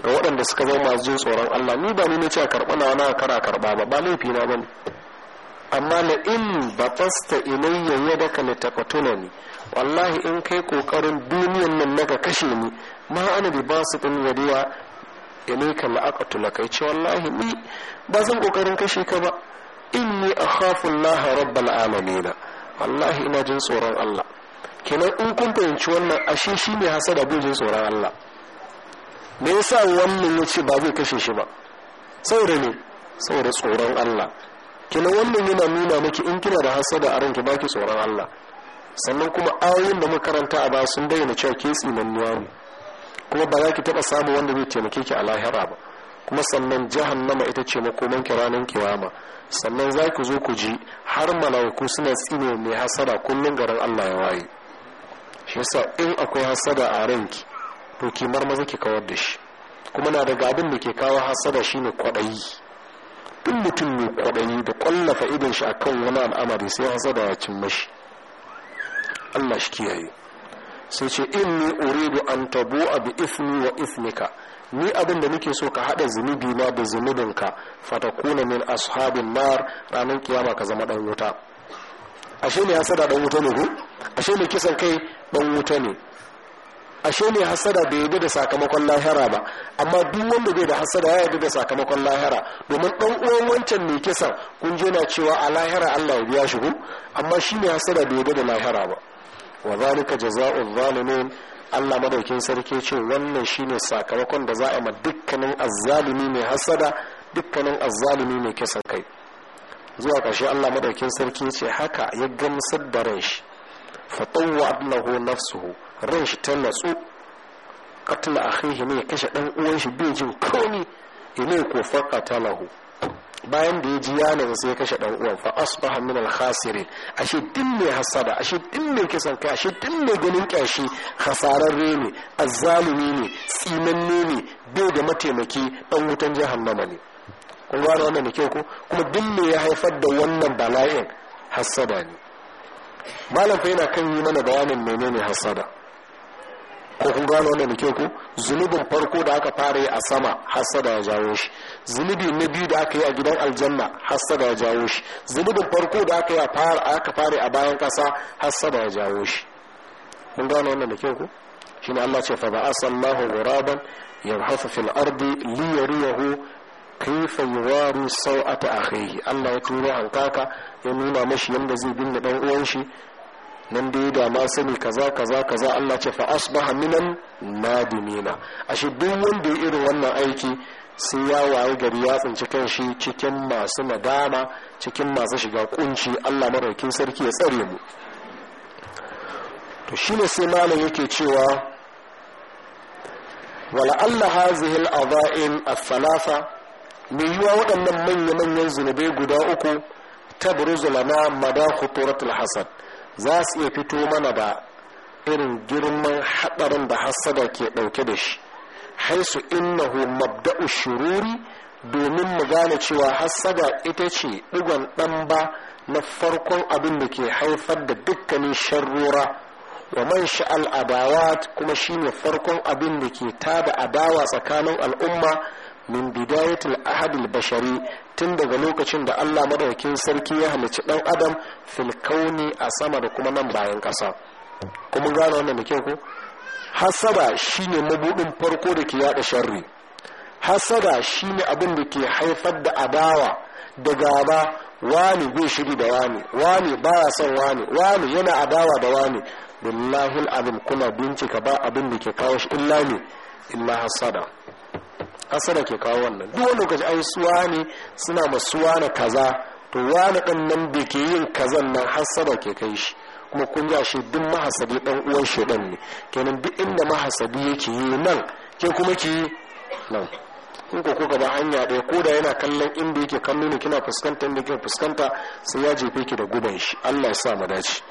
ga waɗanda suka zama masu jin tsoron Allah ni ba ni na ce a karɓa na wani kara karɓa ba ba laifi na bane amma la in fasta ilayya yadaka ni wallahi in kai kokarin duniyan nan naka kashe ni ma ana bi basitin yadiya ilayka la aqtula kai ce wallahi ni ba zan kokarin kashe ka ba inni akhafu allaha rabbal alamin wallahi ina jin tsoron Allah kenan in kun fahimci wannan ashe ne hasada bin jin tsoron Allah me yasa wannan yace ba zai kashe shi ba saboda ne tsoron Allah kina wannan yana nuna miki in kina da hasada a ranki baki tsoron Allah sannan kuma ayoyin da makaranta a ba sun bayyana cewa ke tsinannuwa ne kuma ba za ki taba samu wanda zai taimake ki a lahira ba kuma sannan jahannama ita ce makoman ki ranar kiyama sannan za ki zo ku ji har mala'iku suna tsine mai hasada kullum garin Allah ya waye shi yasa in akwai hasada a ranki to ki marmaza ki kawar da shi kuma na daga abin da ke kawo hasada shine kwaɗayi duk mutum mai kwaɗayi da ƙwallafa idon shi akan wani al'amari sai hasada ya cin mashi Allah shi kiyaye sai ce inni uridu an tabu bi ifni wa ifnika ni abin da nake so ka haɗa zunubi na da zunubinka fatakuna min ashabin nar ranar kiyama ka zama dan wuta ashe ne hasada dan wuta ne ko ashe ne kisan kai ɗan wuta ne ashe ne hasada bai yarda da sakamakon lahira ba amma duk wanda bai da hasada ya yarda da sakamakon lahira domin dan uwan wancan mai kisan kun je na cewa a lahira Allah ya biya shi ku amma shi ne hasada bai yarda da lahira ba wa zalika jazaa'u zalimin Allah madaukin sarki ce wannan shine sakamakon da za a ma dukkanin azzalimi mai hasada dukkanin azzalimi mai kisan kai zuwa ƙarshe Allah madaukin sarki ce haka ya gamsar da ran shi allahu lahu nafsuhu ran shi ta natsu katla akhihi ne kashe dan uwan shi bai jin komi ilai ko ta lahu bayan da ya ji yanin sai ya kashe dan uwan fa asbaha min al khasirin ashe din ne hasada ashe din ne kisan kai ashe din ne ganin kyashi khasararre ne azzalimi ne tsinanne ne bai da mataimaki dan wutan jahannama ne kun ga wannan ne kyau ko kuma din ne ya haifar da wannan bala'in hasada ne malam fa yana kan yi mana bayanin menene hasada ko kun gano wannan da kyau ko zunubin farko da aka fara yi a sama hasada ya jawo shi zunubi na biyu da aka yi a gidan aljanna hasada ya jawo shi zunubin farko da aka yi aka fara a bayan kasa hasada ya jawo shi kun gano wannan da kyau ko shine Allah ce fa ba'asa Allahu ghuraban yabhathu fil ardi li yariyahu kaifa yuwaru sau'ata akhihi Allah ya turo hankaka ya nuna mashi yanda zai binne dan uwan shi nan dai da ma sani kaza kaza kaza Allah ce fa asbaha minan nadimina ashe duk wanda ya irin wannan aiki sai ya waye gari ya tsinci kanshi cikin masu nadama cikin masu shiga kunci Allah maraukin sarki ya tsare mu to shine sai malam yake cewa wala'alla hazihi al'adha'im al-thalatha mai yiwa waɗannan manya-manyan zunubai guda uku ta lana mada ratul hasad za su iya fito mana da irin girman haɗarin da hassada ke ɗauke da shi haisu innahu mabda'u shiruri, domin mu gane cewa hassada ita ce ɗigon ɗan ba na farkon abin da ke haifar da dukkanin sharrora wa man sha'al adawat kuma shine farkon abin da ke tada adawa tsakanin al'umma min bidayatul ahadil bashari tun daga lokacin da allah madaukin sarki ya halici dan adam filkauni a sama da kuma nan bayan ƙasa kuma gane wannan muke ku. ko hasada shine mabudin farko da ke yada sharri hasada shine abin da ke haifar da adawa da gaba wani zai shiri da wani wani baya son wani wani yana adawa da wani billahi al'azim kuna bincika ba abin da ke kawo shi illa ne illa hasada asara ke kawo wannan duk wani lokaci ai suwa ne suna ma suwa na kaza to wani ɗan nan da ke yin kazan nan hasada ke kai shi kuma kun ga shi duk mahasabi ɗan uwan shedan ne kenan duk inda mahasadi yake yi nan ke kuma ki yi nan in ko kuka ba hanya ɗaya ko da yana kallon inda yake kallo ne kina fuskanta inda kina fuskanta sai ya jefe ki da guban shi Allah ya sa mu dace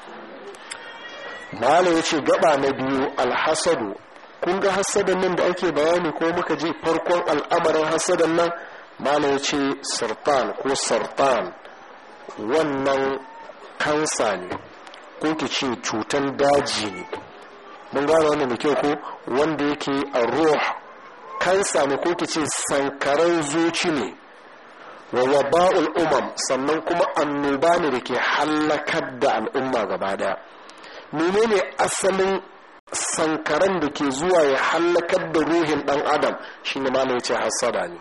mala ya gaba na biyu alhasadu kun ga hasadan nan da ake bayani ko muka ji farkon al'amarin hasadan nan malam ya ce sartan ko sartan wannan kansa ne ko ki ce cutan daji ne mun gane wannan da kyau ko wanda yake a ruh kansa ne ko ki ce sankaran zuci ne wa waba'ul umam sannan kuma annoba ne da ke hallakar da al'umma gaba daya menene asalin sankaran da ke zuwa ya hallakar da ruhin dan adam shine ma ya ce hasada ne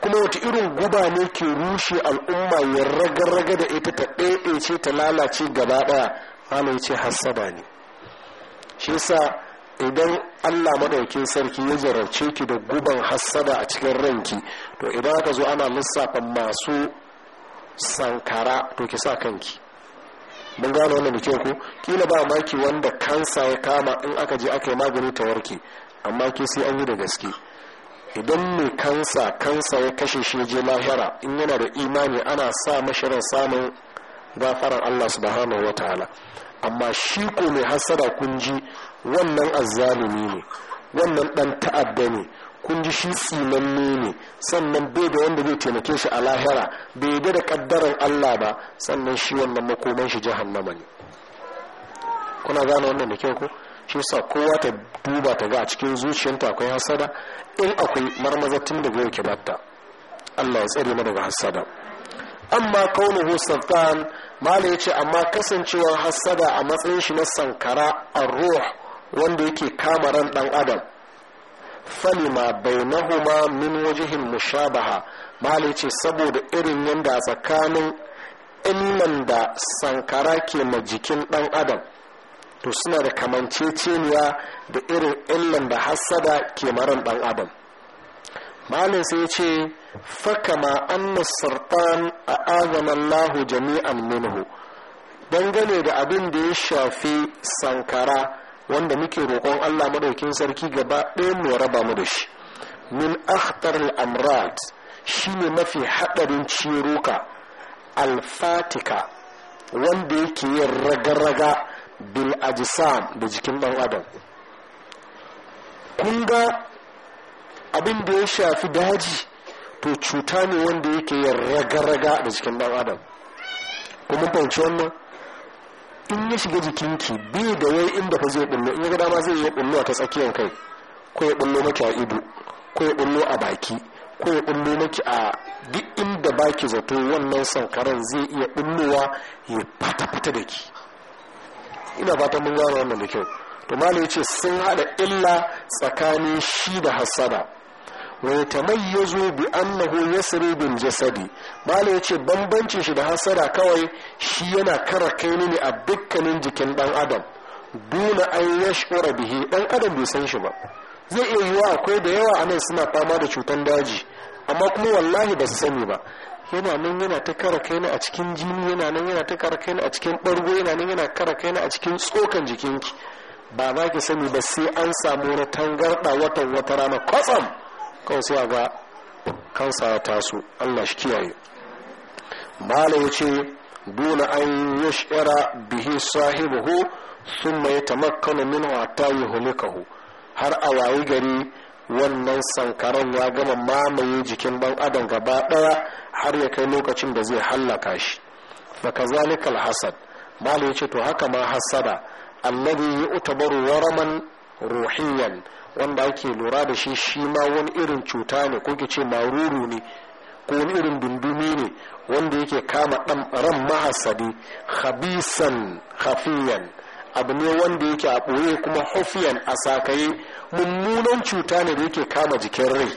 kuma wata irin guba ne ke rushe al'umma ya raga-raga da ita ta ce ta lalace gaba ɗaya mana ya hasada ne shi yasa idan allah maɗaukin sarki ya jarabce ki da guban hassada a cikin ranki to idan aka zo ana lissafa masu sankara to ki sa kanki mun gane wannan da kyau ko kila ba maki wanda kansa ya kama in aka je aka yi magani ta warke amma ke sai an yi da gaske idan mai kansa kansa ya kashe shi je lahira in yana da imani ana sa mashirin samun gafaran Allah subhanahu wa ta'ala amma shi ko mai hasada kun ji wannan azzalumi ne wannan dan ta'adda ne kun ji shi tsinanne ne sannan bai da wanda zai taimake shi a lahira bai da da kaddarar Allah ba sannan shi wannan makoman shi jahannama ne kuna gane wannan da kyau ko shi sa kowa ta duba ta ga a cikin zuciyarta akwai hasada in akwai marmazatin da zai ke batta Allah ya tsare mu daga hasada amma kaunuhu sultan mala yace amma kasancewar hasada a matsayin shi na sankara a ruh wanda yake kama ran dan adam falima bainahuma min wajihin mushabaha malai ce saboda irin yadda tsakanin illan da sankara ke ma jikin dan adam to suna da kamanceceniya da irin illan da hassada ke maran dan adam malin sai ce fakama anna sartan a azamallahu jami'an minhu dangane da abin da ya shafi sankara wanda muke roƙon allah madaukin sarki gaba ɗaya mu raba mu da shi min akhtar al-amrat shine mafi haɗarin ciruka alfatika wanda yake yin raga-raga bil ajisam da jikin ɗan adam kun ga abin da ya shafi daji to cuta ne wanda yake yin raga-raga da jikin ɗan adam kuma fahimci wannan in ya shiga jikinki bi da wai inda fa zai bullo in ya dama zai yi bullo a ta tsakiyar kai ko ya bullo maki a ido ko ya bullo a baki ko ya bullo maki a duk inda baki zato wannan sankaran zai iya bullowa ya fata fata da ki ina fatan mun gano wannan da kyau to malai ce sun hada illa tsakanin shi da hassada wa yazo bi annahu yasri bil jasadi malai yace bambancin shi da hasada kawai shi yana kara kai ne a dukkanin jikin dan adam duna an yashura bihi dan adam bai san shi ba zai iya yiwa akwai da yawa anan suna fama da cutan daji amma kuma wallahi ba su sani ba yana nan yana ta kara kaina a cikin jini yana nan yana ta kara kaina a cikin ɓargo yana nan yana kara kaina a cikin tsokan jikinki ba za ki sani ba sai an samu wani tangarɗa watan wata rana kwatsam kawai sai a ga kansa ya taso allah shi kiyaye Malam ya ce duna an yi yashira bihi sahibuhu sun mai tamakkanu min wata yi hulikahu har a wayi gari wannan sankaran ya gama mamaye jikin ban adam gaba daya har ya kai lokacin da zai hallaka shi baka zalikal hasad bala ya ce to haka ma Hassada. annabi ya utabaru waraman ruhiyan wanda ake lura da shi shi ma wani irin cuta ne ko ke ce maruru ne ko wani irin dundumi ne wanda yake kama dan ran mahasadi habisan hafiyan abu ne wanda yake a ɓoye kuma hufiyan a sakaye mummunan cuta ne da yake kama jikin rai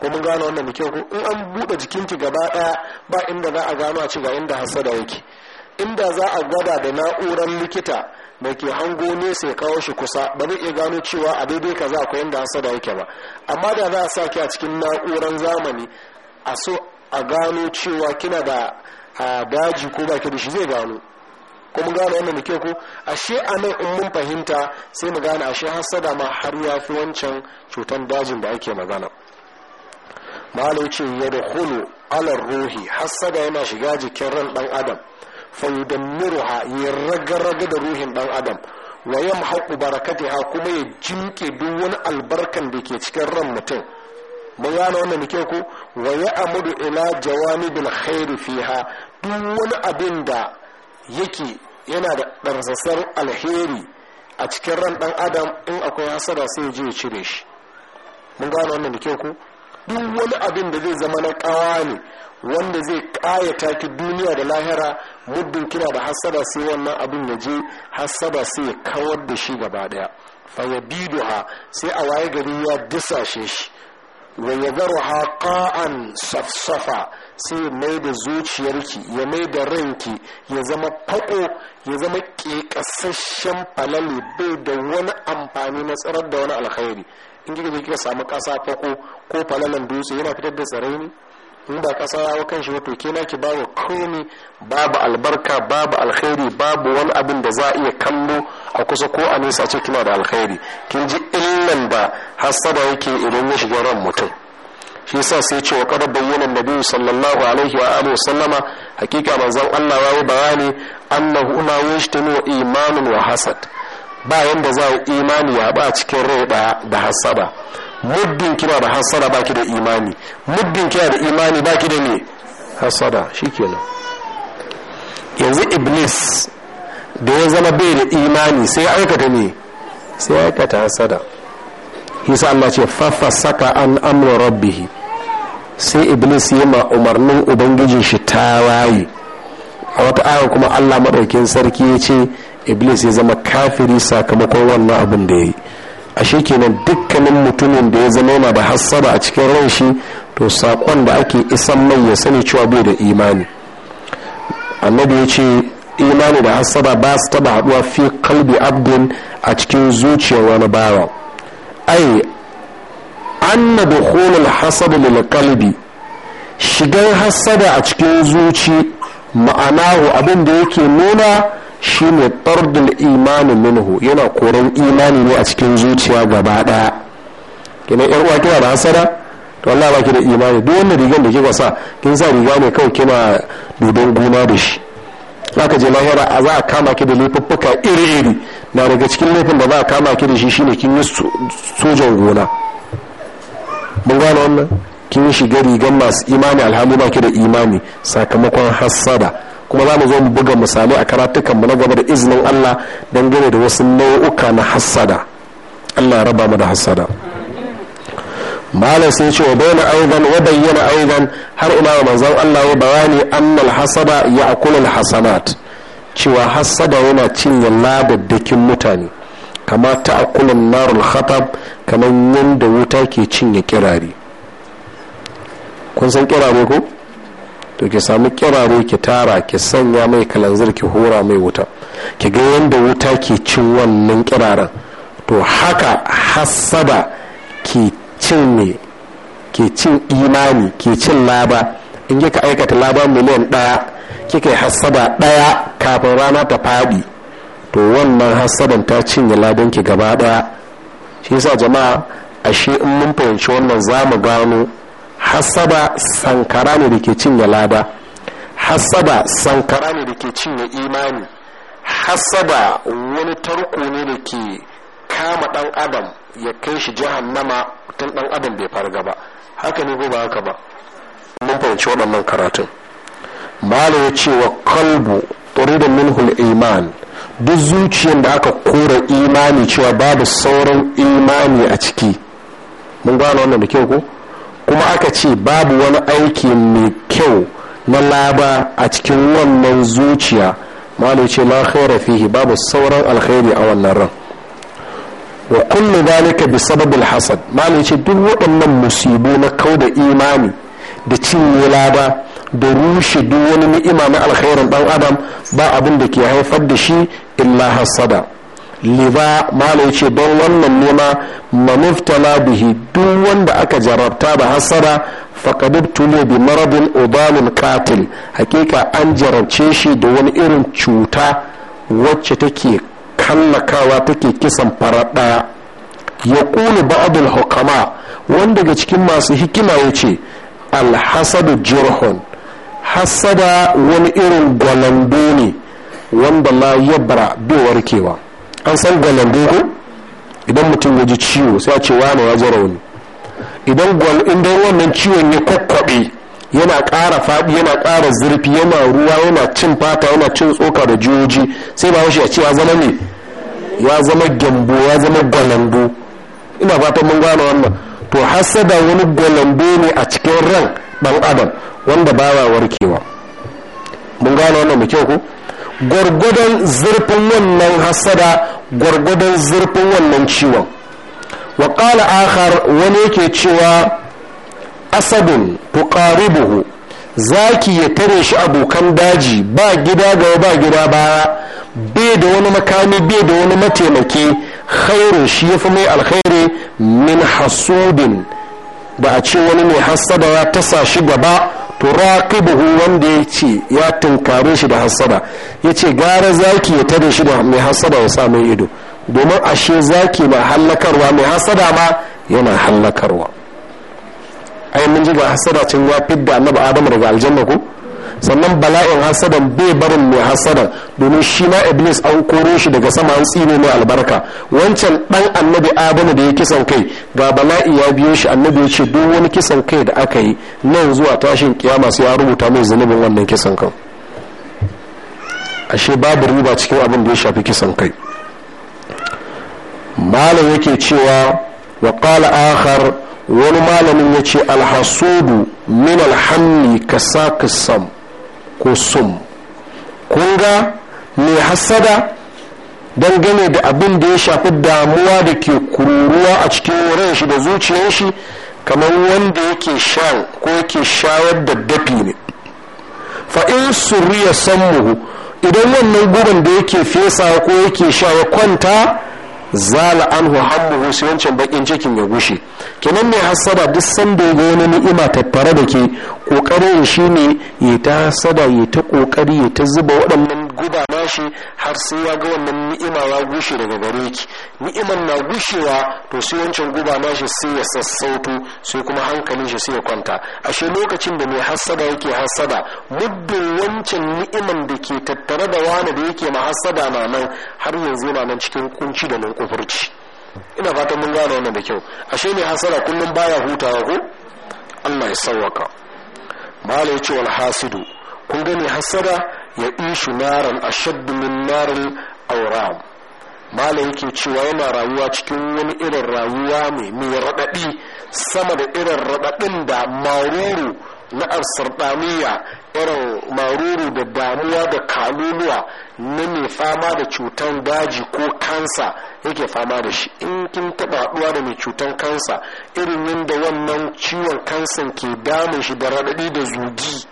ko mun gano wannan da kyau in an buɗe jikinki gaba ɗaya ba inda za a gano a ci ga inda hasada yake inda za a gwada da na'urar likita da ke hango ne ya kawo shi kusa ba zai iya gano cewa a daidai kaza akwai yadda da yake ba amma da za a sa ki a cikin na'uran zamani a so a gano cewa kina da daji ko baki da shi zai gano ko mun gane wannan da ko ashe a nan in mun fahimta sai mu gane ashe hasada ma har ya fi wancan cutar dajin da ake magana malai ce ya da hulu alar ruhi hasada yana shiga jikin ran dan adam fayudammiruha ya raga-raga da ruhin dan adam wa yamhaqu barakatiha kuma ya jinke duk wani albarkan da ke cikin ran mutum mun gane wannan da ku wa amudu ila jawanibil khairi fiha duk wani abin da yake yana da ɗarsasar alheri a cikin ran ɗan adam in akwai hasara sai je ya cire shi mun gane wannan da ku duk wani abin da zai zama na ƙawa ne wanda zai ƙayata ki duniya da lahira muddin kina da hassada sai wannan abin ya je hassada sai ya kawar da shi gaba daya fa yabiduha sai a waye gari ya disashe shi wa yadharuha qa'an safsafa sai mai da zuciyarki ya mai da ranki ya zama fako ya zama kekasasshen falale bai da wani amfani na tsarar da wani alkhairi in kika je kika samu kasa fako ko falalan dutse yana fitar da tsare ne in da kasa ya hau shi wato ke naki babu komi babu albarka babu alkhairi babu wani abin da za a iya kallo a kusa ko a nesa ce kina da alkhairi kin ji illan da hassada yake idan ya shiga ran mutum shi yasa sai ce wa kada bayyana nabi sallallahu alaihi wa alihi sallama hakika manzon Allah ya yi bayani annahu ma yashtamu imanun wa hasad ba yanda za a imani ya ba cikin rai da hasada muddin kina da hasada baki da imani muddin kina da imani baki da ne hasada shikenan yanzu iblis da ya zama bai da imani sai aikata ne sai aikata hasada yasa Allah ce fafa saka an amra rabbihi sai iblis ya ma umarnin ubangijin shi tawaye a wata ayar kuma Allah madaukin sarki ya ce iblis ya zama kafiri sakamakon wannan abin da ya yi ashe kenan dukkanin mutumin da ya zama yana da hassada a cikin ran shi to saƙon da ake isan mai ya sani cewa bai da imani annabi ya ce imani da hassada ba su taba haɗuwa fi kalbi abdin a cikin zuciyar wani bawa ai anna dukhulul hasad lil kalbi shigar hassada a cikin zuci ma'anahu abin da yake nuna shine tardul imanin minhu yana koran imani ne a cikin zuciya gaba daya kina yar uwa kina da hasada to Allah ba da imani duk wanda rigan da kika sa kin sa riga ne kawai kina dodon gona da shi zaka je lahira a za a kama ki da laifuffuka iri iri na daga cikin laifin da za a kama ki da shi shine kin yi sojan gona mun gane wannan kin shiga rigan masu imani alhamdu ba ki da imani sakamakon hasada. kuma za mu zo mu buga misalai a karatukan mu na gaba da izinin Allah dangane da wasu nau'uka na hassada Allah ya raba mu da hassada malam sai ce wa bayyana aidan wa bayyana aidan har ila wa manzon Allah ya bayani annal hasada ya'kulu al hasanat cewa hassada yana cinye labaddakin mutane kama akulun narul khatab kamar yadda wuta ke cinye kirare kun san kirare ko to ki samu kirare ki tara ki sanya mai kalanzir ki hora mai wuta ki ga yadda wuta ke cin wannan kiraren to haka hassada ke cin ne ke cin imani ke cin laba in ka aikata laba miliyan ɗaya kika yi hassada ɗaya kafin rana ta faɗi to wannan hassadan ta cinye ki gaba ɗaya shi yasa jama'a ashe in mun fahimci wannan za mu gano hasaba sankara ne da ke cinye lada hasaba sankara ne da ke cinye imani hasaba wani tarko ne da ke kama dan adam ya kai shi jahannama tun dan adam bai farga ba haka ne ko ba haka ba mun fahimci waɗannan karatun malo ya ce wa kalbu da minhul iman duk zuciyar da aka kora imani cewa babu sauran imani a ciki mun gano wannan da kyau ko kuma aka ce babu wani aiki mai kyau na laba a cikin wannan zuciya malu ce la khaira fihi babu sauran alkhairi a wannan ran wa kullu dalika bi sababil hasad malu ce duk waɗannan musibu na kau da imani da cinye laba da rushe duk wani ni'ima na alkhairin dan adam ba abin da ke haifar da shi illa hasada liba malo ce don wannan nema mamuftala bihi duk wanda aka jarabta da hasara faƙadub tuni bi marabin obalin katil hakika an jarabce shi da wani irin cuta wacce take kallakawa take kisan farar ɗaya ya ba ba'adul hukama wanda daga cikin masu hikima ya ce alhasadu jirhun hasada wani irin gwalando ne wanda la yabra bai warkewa an san gwalambo dogo idan mutum ya ji ciwo sai a ce wani ya ji rauni idan idan wannan ciwon ya kwakwabe yana ƙara faɗi yana ƙara zurfi yana ruwa yana cin fata yana cin tsoka da jiyoji sai ba shi a ce ya zama ne ya zama gyambo ya zama gwalambo ina fatan mun gane wannan to hasada wani gwalambo ne a cikin ran dan adam wanda ya warkewa mun gane wannan mai kyau ko gwargwadon zurfin wannan hasada gwargwadon zurfin wannan ciwon wa ƙala akhar wani yake cewa asabin asadun tuqaribuhu zaki ya tare shi abokan daji ba gida ga ba gida baya bai da wani makami bai da wani mataimaki khairu shi ya fi mai alkhairi min hasudin da a ce wani mai hassada ya tasa shi gaba turaqibuhu wanda ya ce ya tunkare shi da hassada ya ce gara zaki ya tare shi da mai hassada ya sa mai ido domin ashe zaki na hallakarwa mai hassada ma yana hallakarwa ai mun ji ga hassada cin ya fidda annabi adamu daga aljanna ko sannan bala'in hasadan bai barin mai hasadan domin shi ma iblis an koro shi daga sama an tsine mai albarka wancan dan annabi adamu da ya kisan kai ga bala'i ya biyo shi annabi ya ce duk wani kisan kai da aka yi nan zuwa tashin kiyama sai ya rubuta mai zunubin wannan kisan kan ashe babu riba cikin abin da ya shafi kisan kai malam yake cewa wa qala akhar wani malamin yace alhasudu min alhammi ka ko sum kunga mai hasada dangane da abin da ya shafi damuwa da ke kururuwa a cikin wurin shi da zuciyar shi kamar wanda yake shan ko yake shayar da dafi ne fa'in surriya sammuhu idan wannan guban da yake fesa ko yake sha ya kwanta zala anhu hammuhu sai wancan bakin cikin ya gushe kenan mai hasada duk sanda ya ga wani ni'ima tattare da ke kokarin shine ya ta hasada ya ta kokari ya ta zuba waɗannan guba nashi har sai ya ga wannan ni'ima ya gushe daga gare ki ni'iman na gushewa to sai wancan guba nashi sai ya sassauto sai kuma hankalin shi sai ya kwanta ashe lokacin da mai hassada yake hassada muddin wancan ni'iman da ke tattare da wani da yake mahassada na nan har yanzu yana nan cikin kunci da nan kufurci ina fatan mun gane wannan da kyau ashe mai hassada kullum baya hutawa ko Allah ya sawwaka malai ce wal hasidu kun gane hassada ya ishu naran a min narin aura malam yake cewa yana rayuwa cikin wani irin rayuwa mai mai raɗaɗi sama da irin raɗaɗin da maruru na absardaniya irin maruru da damuwa da kaluluwa na mai fama da cutan daji ko kansa yake fama da shi in kin taba haɗuwa da mai cutan kansa irin yadda wannan ciwon kansan ke damun shi da raɗaɗi da zugi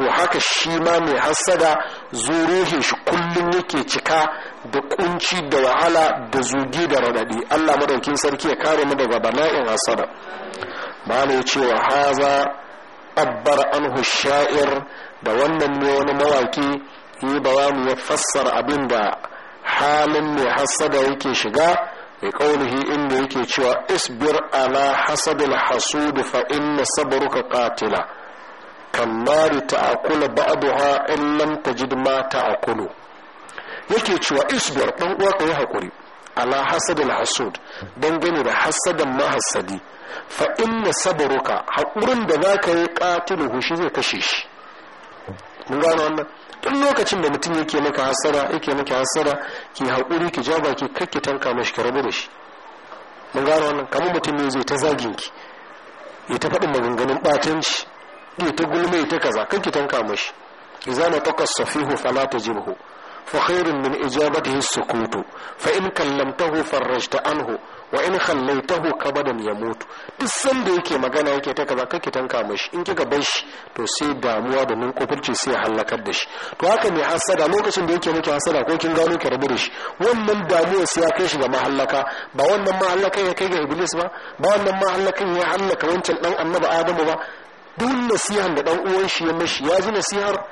to haka shi ma mai hassada zuruhin shi kullum yake cika da kunci da wahala da zugi da radadi Allah madaukin sarki ya kare mu daga bala'in hassada ba ya ce wa haza abbar anhu sha'ir da wannan ne wani mawaki yi mu ya fassar abin da halin mai hassada yake shiga mai qawlihi inda yake cewa isbir ala hasadil hasudu fa inna sabruka qatila kannari a ba'daha in lam tajid ma ta'akulu yake cewa isbir dan uwa kai hakuri ala hasadil hasud dan gani da hasadan mahasadi fa inna sabruka hakurin da zaka yi qatiluhu shi zai kashe shi mun gano wannan duk lokacin da mutum yake maka hasara yake maka hasara ki hakuri ki jaba ki kakki tanka mashi ki rabu da shi mun gano wannan kamar mutum ne zai ta zagin ki ya ta faɗin maganganun ɓatanci ya ta gulma ya ta kaza kan ki tanka mashi Iza ma taqa safihu fala tajibhu fa khairun min ijabatihi sukutu fa in kallamtahu farajta anhu wa in khallaitahu kabadan yamutu duk sanda yake magana yake ta kaza ki tanka mashi in kika bar shi to sai damuwa da nun kofurci sai halakar da shi to haka mai hasada lokacin da yake miki hasada ko kin gano ki rabu da shi wannan damuwa sai ya kai shi ga mahallaka ba wannan mahallakan ya kai ga iblis ba ba wannan mahallakan ya hallaka wancan dan annabi adamu ba duk nasihan da dan uwan shi ya mashi ya ji nasihar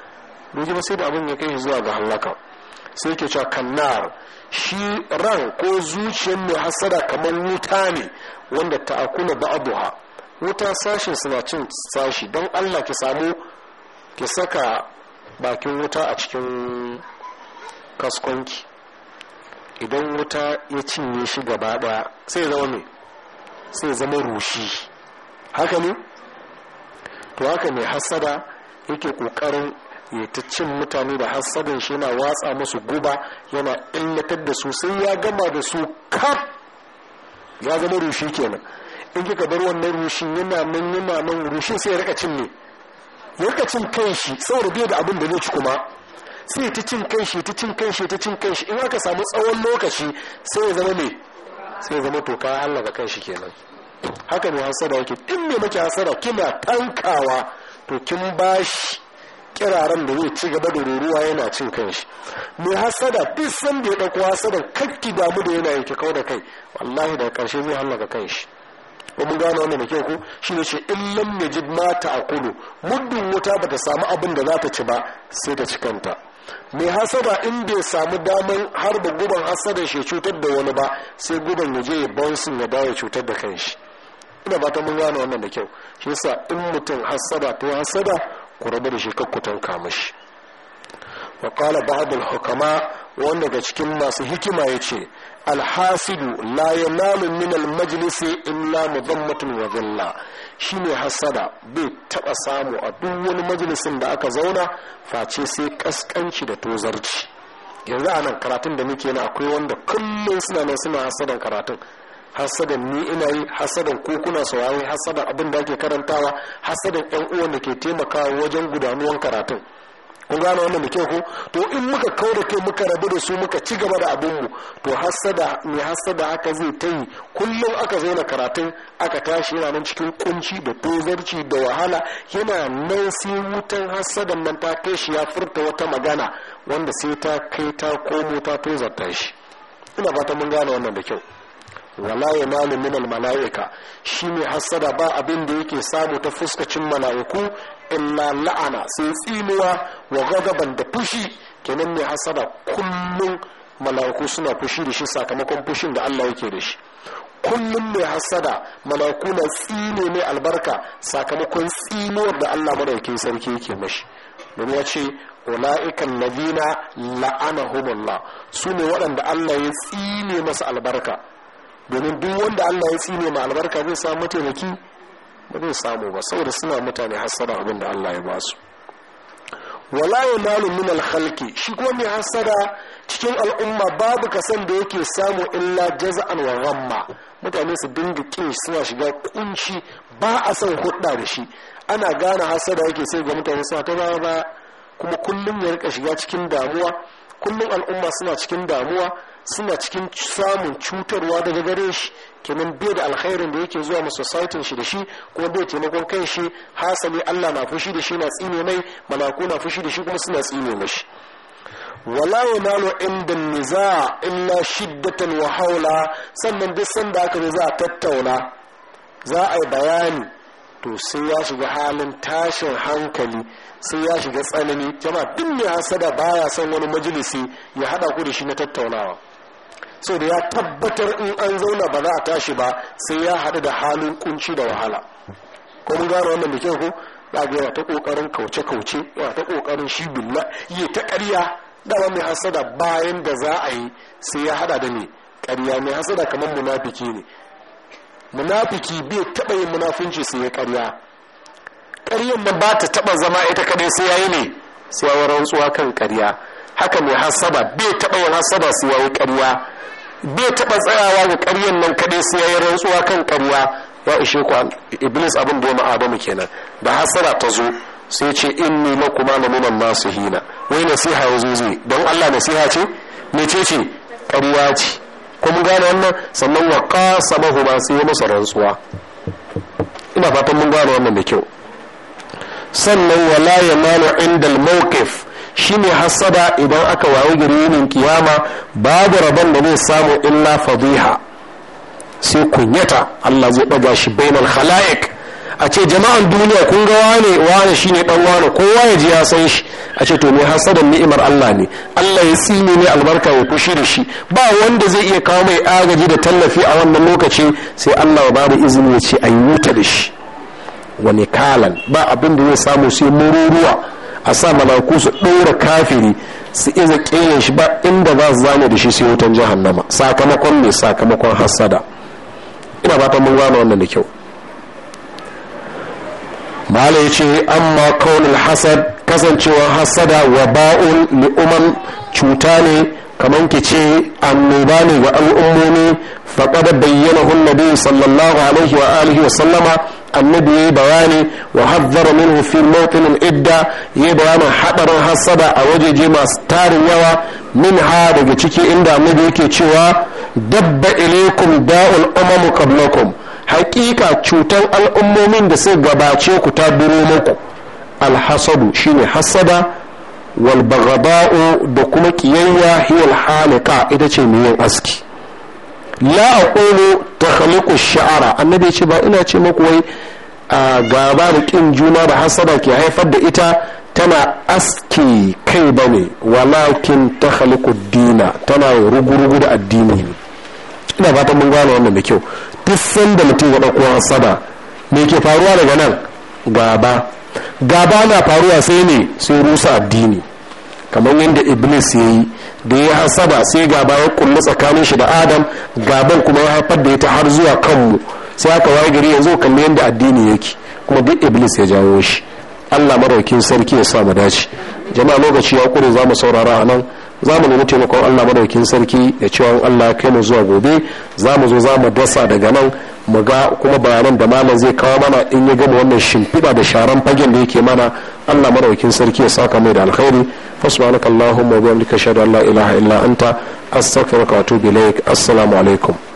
doji ba sai da abin ya kai zuwa ga halaka sai ke cewa kannar shi ran ko zuciyar mai hasada kamar wuta ne wanda ta akula ba'aduha wuta sashin suna cin sashi don allah ki samu ki saka bakin wuta a cikin kaskonki idan wuta ya cinye shi gaba daya sai zama ne sai zama rushi haka ne to haka mai hassada yake kokarin ya ta cin mutane da hassadin shi yana watsa musu guba yana illatar da su sai ya gama da su kaf ya zama rushi kenan in kika bar wannan rushin yana nan yana nan rushin sai ya rika cin ne ya rika cin kan shi saboda bai da abin da zai ci kuma sai ya ta cin kan shi ta cin kan shi ta cin kan shi in aka samu tsawon lokaci sai ya zama me sai ya zama toka Allah ga kan shi kenan haka ne hasada yake in ne maki hasada kina tankawa to kin bashi kiraren da zai ci gaba da ruruwa yana cin kanshi mai hasada duk san da ya dauko kar kakki damu da yana yake kau da kai wallahi daga karshe zai hallaka kanshi ba mun gano wannan da kyau shi ne ce in lam yajid ma ta'kulu muddin wuta bata samu abin da za ta ci ba sai ta ci kanta mai hasada in bai samu daman harba guban hasada shi cutar da wani ba sai guban ya je ya bouncing ya dawo cutar da kanshi ina ba ta mun gane wannan da kyau shi yasa in mutum hasada ta hasada, ku rabu da shi kakkutan kamashi wa qala ba'd hukama wanda daga cikin masu hikima yace alhasidu la yanalu min majlis illa mudammatun wa shi shine hasada bai taba samu a duk wani majalisin da aka zauna face sai kaskanci da tozarci yanzu a nan karatun da muke na akwai wanda kullum suna nan suna hasadan karatun hasadan ni ina yi hasadan ko kuna saurari hasadan abin da ake karantawa hasadan yan uwan da ke taimakawa wajen gudanuwan karatun kun gane wannan da kyau ko to in muka kau kai muka rabu da su muka ci gaba da abin mu to hasada mai hasada aka zai ta yi kullum aka na karatun aka tashi yana nan cikin kunci da tozarci da wahala yana nan sai wutan hasadan nan ta kai shi ya furta wata magana wanda sai ta kai ta komo ta tozarta shi ina fata mun gane wannan da kyau wala ya malu min mala'ika shi ne hassada ba abin da yake samu ta fuskacin mala'iku illa la'ana sai tsinuwa wa gagaban da fushi kenan mai hasada kullum mala'iku suna fushi da shi sakamakon fushin da Allah yake da shi kullum mai hassada mala'iku na tsine mai albarka sakamakon tsinuwar da Allah madaukakin sarki yake mashi domin ya ce ula'ikan ladina la'anahumullah su ne waɗanda Allah ya tsine masa albarka domin duk wanda Allah ya tsine ma albarka zai samu mataimaki ba zai samu ba saboda suna mutane hasada abin da Allah ya ba su wala yanalu min alhalki shi kuma mai hasada cikin al'umma babu kasan da yake samu illa jaza'an wa ramma mutane su dinga kin suna shiga kunci ba a son hudda da shi ana gane hasada yake sai ga mutane suna ta ba kuma kullum ya rika shiga cikin damuwa kullum al'umma suna cikin damuwa suna cikin samun cutarwa daga gare shi kenan bai da alkhairin da yake zuwa ma sautin shi da shi kuma bai taimakon kan shi hasali Allah na fushi da shi na tsine mai malaku na fushi da shi kuma suna tsine shi. wala yunalu inda niza illa shiddatan wa haula sannan duk sanda aka zo za a tattauna za a yi bayani to sai ya shiga halin tashin hankali sai ya shiga tsanani jama'a duk mai hasada baya son wani majalisi ya hada ku da shi na tattaunawa so da ya tabbatar in an zauna ba za a tashi ba sai ya haɗu da halin kunci da wahala ko mun gano wannan da kyau ko za ga yana ta ƙoƙarin kauce-kauce yana ta ƙoƙarin shi billa yi ta ƙarya dama mai hasada bayan da za a yi sai ya haɗa da ne ƙarya mai hasada kamar munafiki ne munafiki bai taɓa yin munafunci sai ya karya. ƙaryan nan ba ta taɓa zama ita kaɗai sai ya yi ne sai ya rantsuwa kan karya. haka mai hasada bai taɓa yin hasada sai ya yi ƙarya bai taɓa tsayawa ga ƙaryan nan kaɗai sai ya rantsuwa kan ƙarya ya ishe ku iblis abin da ya ma'aba mu kenan da hasara ta zo sai ce in ni kuma na lamunan masu hina wai nasiha ya zo zai don allah nasiha ce me ce ce ƙarya ce ko mun gane wannan sannan wa kasa mahu ba sai ya masa rantsuwa ina fatan mun gane wannan da kyau sannan wala ya mana inda mawqif shi ne hassada idan aka wayo girinin kiyama babu rabon da zai samu illa fadiha sai kunyata Allah zai ɗaga shi bainal khalaik a ce jama'an duniya kun ga wane wane shine ɗan wane kowa ya ji ya san shi a ce to me hasadan ni'imar Allah ne Allah ya sini ne albarka ya kushi da shi ba wanda zai iya kawo mai agaji da tallafi a wannan lokaci sai Allah ba da izini ya ce an yi wuta da shi wani kalan ba abin da zai samu sai mururuwa a sa malaku su ɗora kafiri su iza ƙiyan shi ba inda za su zane da shi sai wutan jahannama sakamakon ne sakamakon hassada ina fatan mun gane wannan da kyau mala ya ce amma kaunin hasad kasancewar hasada wa ba'un li'uman cuta ne kamar ki ce annoba ne ga al'ummomi faƙada bayyana hun nabi sallallahu alaihi wa alihi wa sallama annabi ya yi bayani wa haddara min fi idda ya bayanin haɗarin hasada a wajeje masu tarin yawa min ha daga ciki inda annabi yake cewa dabba ilaikum da'ul umamu qablakum haƙiƙa cutar al'ummomin da suka gabace ku ta biro muku alhasadu shine hasada wal da kuma kiyayya hiya al ita ce miyan aski la ta takhliqu sha'ara annabi ce ba ina ce muku wai gaba da ƙin juna da hasada ke haifar da ita tana aski kai ba ne walakin takhliqu dina tana rugurugu da addini ina fatan mun gane wannan da kyau duk sanda mutum ya dauko hasada me ke faruwa daga nan gaba gaba na faruwa sai ne sai rusa addini kamar yadda iblis ya yi da ya hasaba sai gaba ya kulle tsakanin shi da adam gaban kuma ya haifar da ita har zuwa kanmu sai aka waye gari yanzu kalli yadda addini yake kuma duk iblis ya jawo shi allah maraukin sarki ya sa mu dace jama'a lokaci ya kure za mu saurara a nan za mu nemi taimakon allah maraukin sarki da cewa allah kai mu zuwa gobe za mu zo za mu dasa daga nan mu ga kuma bayanan da malam zai kawo mana in ya gama wannan shimfiɗa da sharan fagen da yake mana Allah maraukin sarki ya saka mai da alkhairi fa subhanakallahumma wa bihamdika ashhadu an la ilaha illa anta astaghfiruka wa atubu ilaik assalamu alaikum